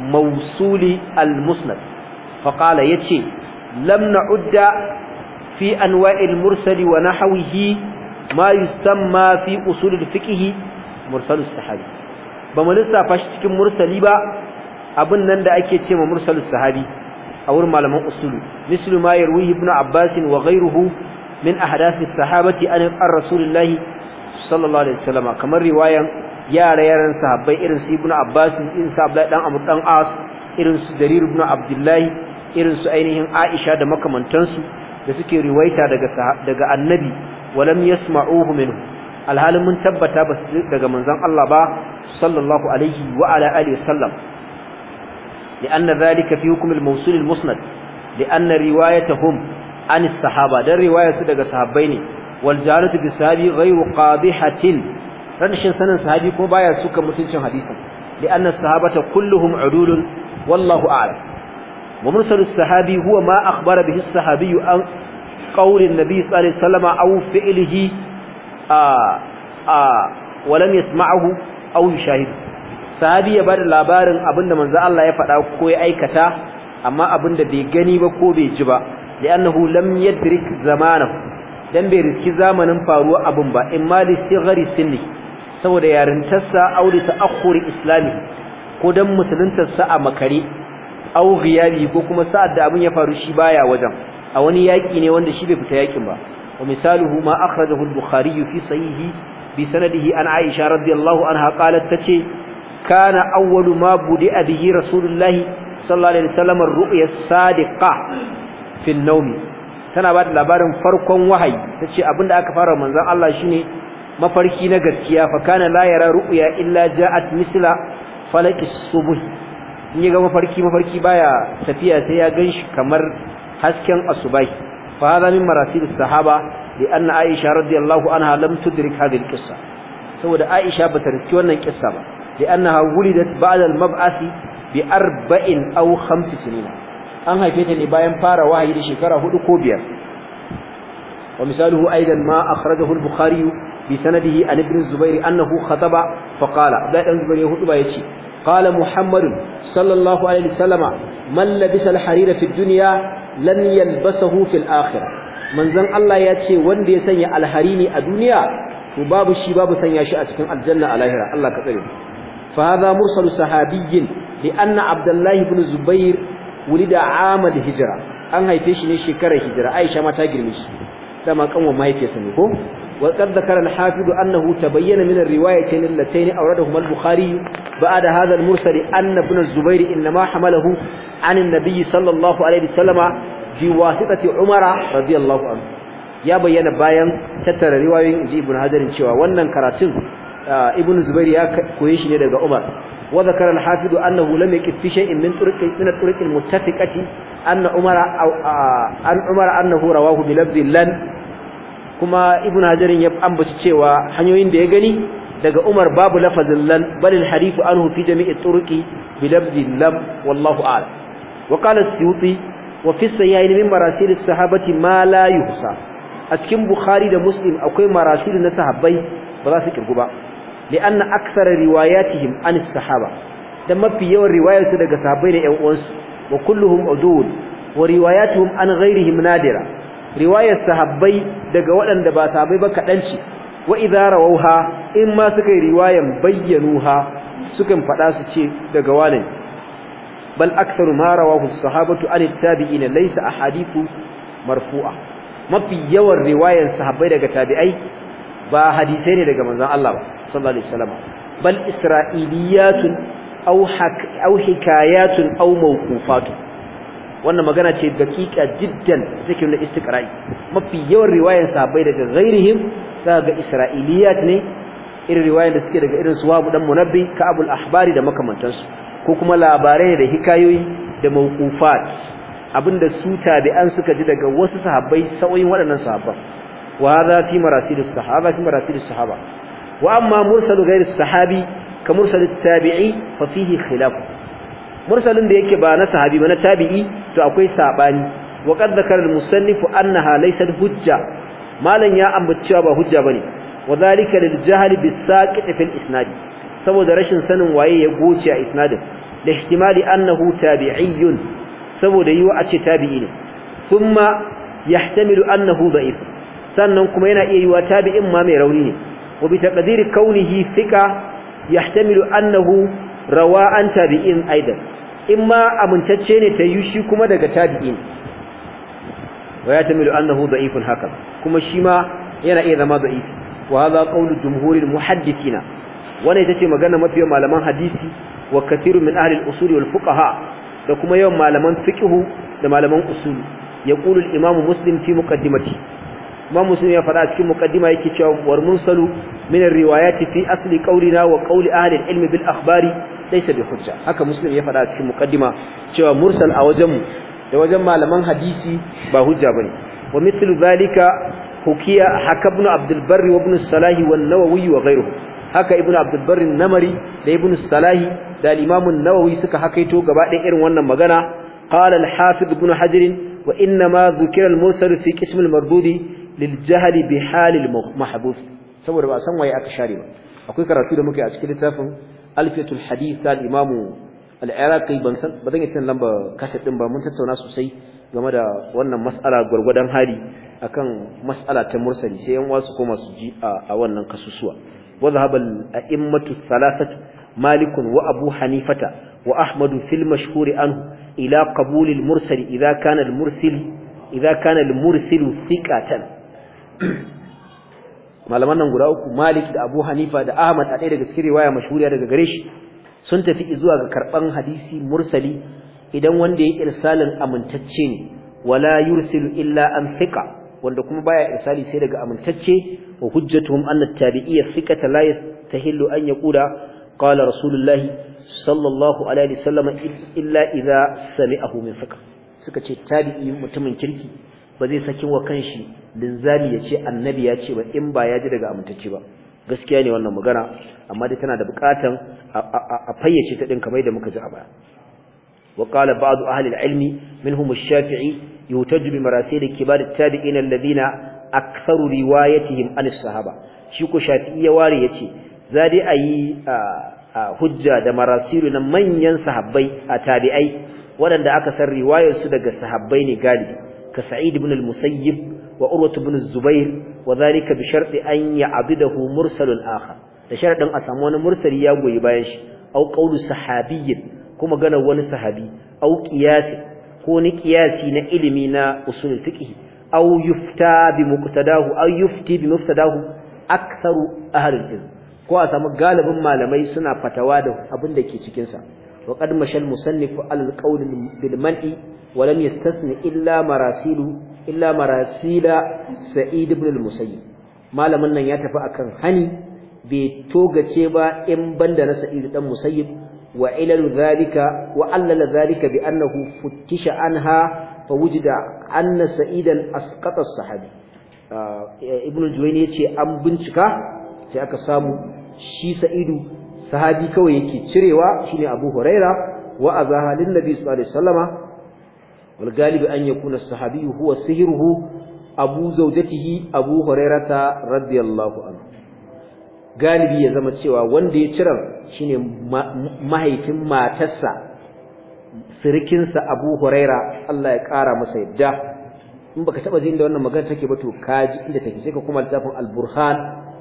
الموصول المسند فقال يتشي لم نعد في أنواع المرسل ونحوه ما يسمى في أصول الفقه مرسل الصحابي بما لسة فاشتكم مرسل با abin nan da ake cewa mursalus sahabi a wurin malaman usulu mislu ma yarwi ibn abbas wa ghayruhu min ahdath as-sahabati an ar-rasulillahi sallallahu alaihi wasallam kamar riwayan yara yaran sahabbai irin su ibn abbas irin su abdullahi dan amr dan as irin su darir ibn abdullahi irin su ainihin aisha da makamantansu da suke riwaita daga daga annabi walam yasma'uhu minhu alhalin mun tabbata ba daga manzon Allah ba sallallahu alaihi wa ala alihi wasallam لأن ذلك في حكم الموصول المسند لأن روايتهم عن الصحابة ده رواية دقى صحابين والجهالة بالصحابي غير قابحة رنشن سنة صحابي كما بايا سوكا متنشن حديثا لأن الصحابة كلهم عدول والله أعلم ومرسل الصحابي هو ما أخبر به الصحابي عن قول النبي صلى الله عليه وسلم أو فعله آآ آآ ولم يسمعه أو يشاهده sahabi ya bada labarin abinda manzo Allah ya faɗa ko ya aikata amma abinda bai gani ba ko bai ji ba li'annahu lam yadrik zamanahu dan bai riski zamanin faruwa abin ba in ma li sighari sinni saboda yarintarsa aure ta akhuri islami ko dan musuluntarsa a makare au ghiyabi ko kuma sa'ad da abin ya faru shi baya wajen a wani yaki ne wanda shi bai fita yakin ba wa misaluhu ma akhrajahu al-bukhari fi sahihi bi sanadihi an aisha radiyallahu anha qalat tace kana awwalu ma budi abihi rasulullahi sallallahu alaihi wasallam ruya as-sadiqa fi tana bada labarin farkon wahayi tace da aka fara manzon Allah shine mafarki na gaskiya fa kana la yara ru'ya illa ja'at misla falaki subuh in yaga mafarki mafarki baya tafiya ta ya ganshi kamar hasken asubai fa hada min marasil sahaba da anna aisha radiyallahu anha lam tudrik hadhihi al-qissa saboda aisha bata riski wannan kissa ba لأنها ولدت بعد المبعث بأربع أو خمس سنين أنها يفتن إبايا فارا وهي لشكرة هدوكوبيا ومثاله أيضا ما أخرجه البخاري بسنده عن ابن الزبير أنه خطب فقال لا ابن الزبير يهدب يتشي قال محمد صلى الله عليه وسلم من لبس الحرير في الدنيا لن يلبسه في الآخرة من زن الله يتشي وان دي سنع الحريني الدنيا وباب الشباب سنع شاء سكن الجنة على هرا الله كتبه فهذا مرسل صحابي لأن عبد الله بن زبير ولد عام الهجرة an haife shi ne shekarar hijira Aisha ma ta girme shi dama kanwa mahaifiyarsa ne ko wa qad zakara al-hafiz annahu tabayyana min ar-riwayatayn allatayn awradahuma al-bukhari ba'da hadha al-mursal anna ibn az-zubair inma hamalahu an an-nabiy sallallahu alayhi wasallama fi wasitati umara radiyallahu ya bayyana bayan tattara riwayoyin ibn hadarin cewa wannan karatun ibn zubair ya koyi shi ne daga umar wa zakara al-hafiz annahu lam yaqif fi shay'in min turuq min turuq al-muttafiqati anna umara aw an umara annahu rawahu bi lafzi lan kuma ibn hajarin ya ambaci cewa hanyoyin da ya gani daga umar babu lafazin lan bal al-hadith anhu fi jami'i turuqi bi lafzi lam wallahu a'lam wa qala as-suyuti wa fi sayyain min marasil as-sahabati ma la yuhsa a cikin bukhari da muslim akwai marasil na sahabbai ba za su kirgu ba li'anna aksar riwayatihim an sahaba dan mafi yawan riwayarsu daga sahabbai da ƴan uwansu wa kulluhum udul wa riwayatuhum an nadira riwayar sahabbai daga waɗanda ba sahabbai ba kaɗan ce wa idza in ma suka yi riwayan bayyanuha sukan faɗa su ce daga wani bal aktharu ma rawahu sahabatu an tabi'ina laysa ahadithu marfu'a mafi yawan riwayar sahabbai daga tabi'ai ba hadisai ne daga manzon Allah ba sallallahu alaihi wasallam bal isra'iliyatun aw hak aw hikayatun aw mawqufatun wannan magana ce daƙiƙa jiddan take nuna istiqra'i mafi yawan riwayar sahabbai daga ghairihim za ga isra'iliyat ne irin riwayar da suke daga irin suwabu dan munabbi ka abul ahbari da makamantansu ko kuma labarai da hikayoyi da mawqufat abinda su tabi'an suka ji daga wasu sahabbai sauyin waɗannan sahabban وهذا في مراسيل الصحابة في مراسيل الصحابة وأما مرسل غير الصحابي كمرسل التابعي ففيه خلاف مرسل ديك بانا صحابي بانا تابعي تو أكوي ساباني وقد ذكر المصنف أنها ليست هجة مالا يا أم بتشابه هجة بني وذلك للجهل بالساكت في الإسناد saboda rashin sanin waye ya goce a isnadin da ihtimali annahu tabi'iyyun saboda yiwa a ce tabi'i ne thumma yahtamilu annahu da'if sannan kuma yana iya yiwa tabi'in ma mai rauni ne wa bi taqdiri kaunihi thiqa yahtamilu annahu rawa an tabi'in aidan imma amintacce ne ta yushi kuma daga tabi'in wa yahtamilu annahu da'ifun haka kuma shi ma yana iya zama za'ifi. wa hadha qawlu jumhuril muhaddithina wannan ita ce magana mafiya malaman hadisi wa kathiru min ahli al-usul wal fuqaha da kuma yawan malaman fikihu da malaman usul yaqulu al-imam muslim fi muqaddimati ma muslim ya fada cikin muqaddima yake cewa war mursalu min ar-riwayati fi asli qawlina wa qawli ahli al-ilm bil akhbari laysa bi hujja haka muslim ya faɗa cikin muqaddima cewa mursal a wajen mu da wajen malaman hadisi ba hujja bane wa mithlu zalika hukiya hakabnu abdul barri wa ibn salahi wan nawawi wa ghayruhum haka ibn abdul barri namari da ibn salahi da al-imam an-nawawi suka hakaito gaba ɗaya irin wannan magana qala al-hafiz ibn hajar wa inna ma dhukira al-mursal fi qism al-mardudi lil jahli bi halil mahbus saboda ba san waye aka share ba akwai karatu da muke a cikin littafin alfiyatul hadith al imamu al-iraqi ban san ba zan yi lamba kashe din ba mun tattauna sosai game da wannan mas'ala gurgurdan hali akan mas'ala ta mursali sai yan wasu koma su ji a wannan kasusuwa wa zahabal a'immatu thalathatu malikun وأبو حنيفة وأحمد في المشهور عنه إلى قبول المرسل إذا كان المرسل إذا كان المرسل ثقة malaman nan guda uku Malik da Abu Hanifa da Ahmad a ɗaya daga cikin riwaya mashhuriya daga gare shi sun tafi zuwa ga karban hadisi mursali idan wanda ya irsalin amintacce ne wala yursilu illa an thiqa wanda kuma baya irsali sai daga amintacce wa hujjatuhum anna tabiiyya thiqata la yastahillu an yaqula qala rasulullahi sallallahu alaihi wasallam illa idza sami'ahu min thiqa suka ce tabi'i mutumin kirki ba zai saki wa kanshi linzami ya ce annabi ya ce ba in ba ya ji daga amintacce ba gaskiya ne wannan magana amma dai tana da bukatan a fayyace ta din kamar da muka ji a baya wa qala ba'd ahli al-ilmi minhum ash-shafi'i yutaju bi marasil kibar at-tabi'in alladhina aktharu riwayatihim an as-sahaba shi ko shafi'i ya ware yace za dai ayi hujja da marasilu na manyan sahabbai a tabi'ai waɗanda aka san riwayar su daga sahabbai ne galibi كسعيد بن المسيب وأروة بن الزبير وذلك بشرط أن يعبده مرسل آخر لشرط أن أسامون مرسل يابو يبايش أو قول صحابي كما قال وان صحابي أو قياس كون قياسي نعلمنا أصول الفقه أو يفتى بمقتداه أو يفتي بمقتداه أكثر أهل العلم ko a samu galibin malamai suna fatawa da abin da ke cikinsa Waƙar qad mashal musannifu al qawl bil man'i wa lam illa marasila sa'id ibn al malamin nan ya tafi akan hani bai togace ba in banda na Sa'idu ɗan musayyib wa ilal dhalika wa allala dhalika bi annahu futtisha anha fa wujida anna sa'idan asqata sahabi ibn al-juwayni yace an bincika sai aka samu shi sa'idu sahabi kawai yake cirewa shine Abu Huraira wa azaha lin Nabi sallallahu alaihi wasallama wal galibi an yakuna sahabi huwa sihruhu Abu zawjatihi Abu ta radiyallahu anhu galibi ya zama cewa wanda ya cira shine mahaifin matarsa sirikinsa Abu Huraira Allah ya kara masa yadda in baka taba jin da wannan magana take ba to kaji inda take sai ka kuma littafin Al-Burhan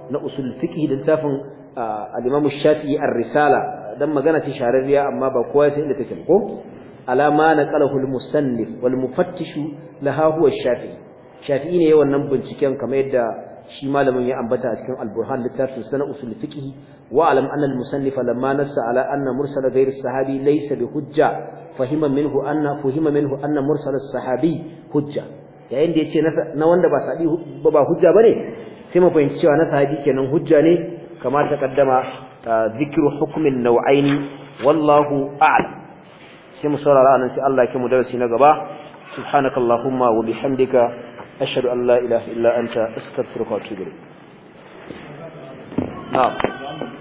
na usul fiqh da littafin al-Imam Shafi'i ar-Risala dan magana ce shararriya amma ba kowa sai inda take ko alama naqalahu al-musannif wal mufattish laha huwa Shafi'i Shafi'i ne wannan binciken kamar yadda shi malamin ya ambata a cikin al-Burhan littafin sana usul fiqh wa alam anna al-musannif lamma nassa ala anna mursal ghayr sahabi laysa bi hujja fahima minhu anna fahima minhu anna mursal as-sahabi hujja yayin da yace na wanda ba sahabi ba hujja bane sai mu fahimci cewa na sahabi kenan hujja ne كما تقدم ذكر حكم النوعين والله أعلم سيما صلى الله عليه الله كم درسي نقبا سبحانك اللهم وبحمدك أشهد أن لا إله إلا أنت أستغفرك وأتوب إليك نعم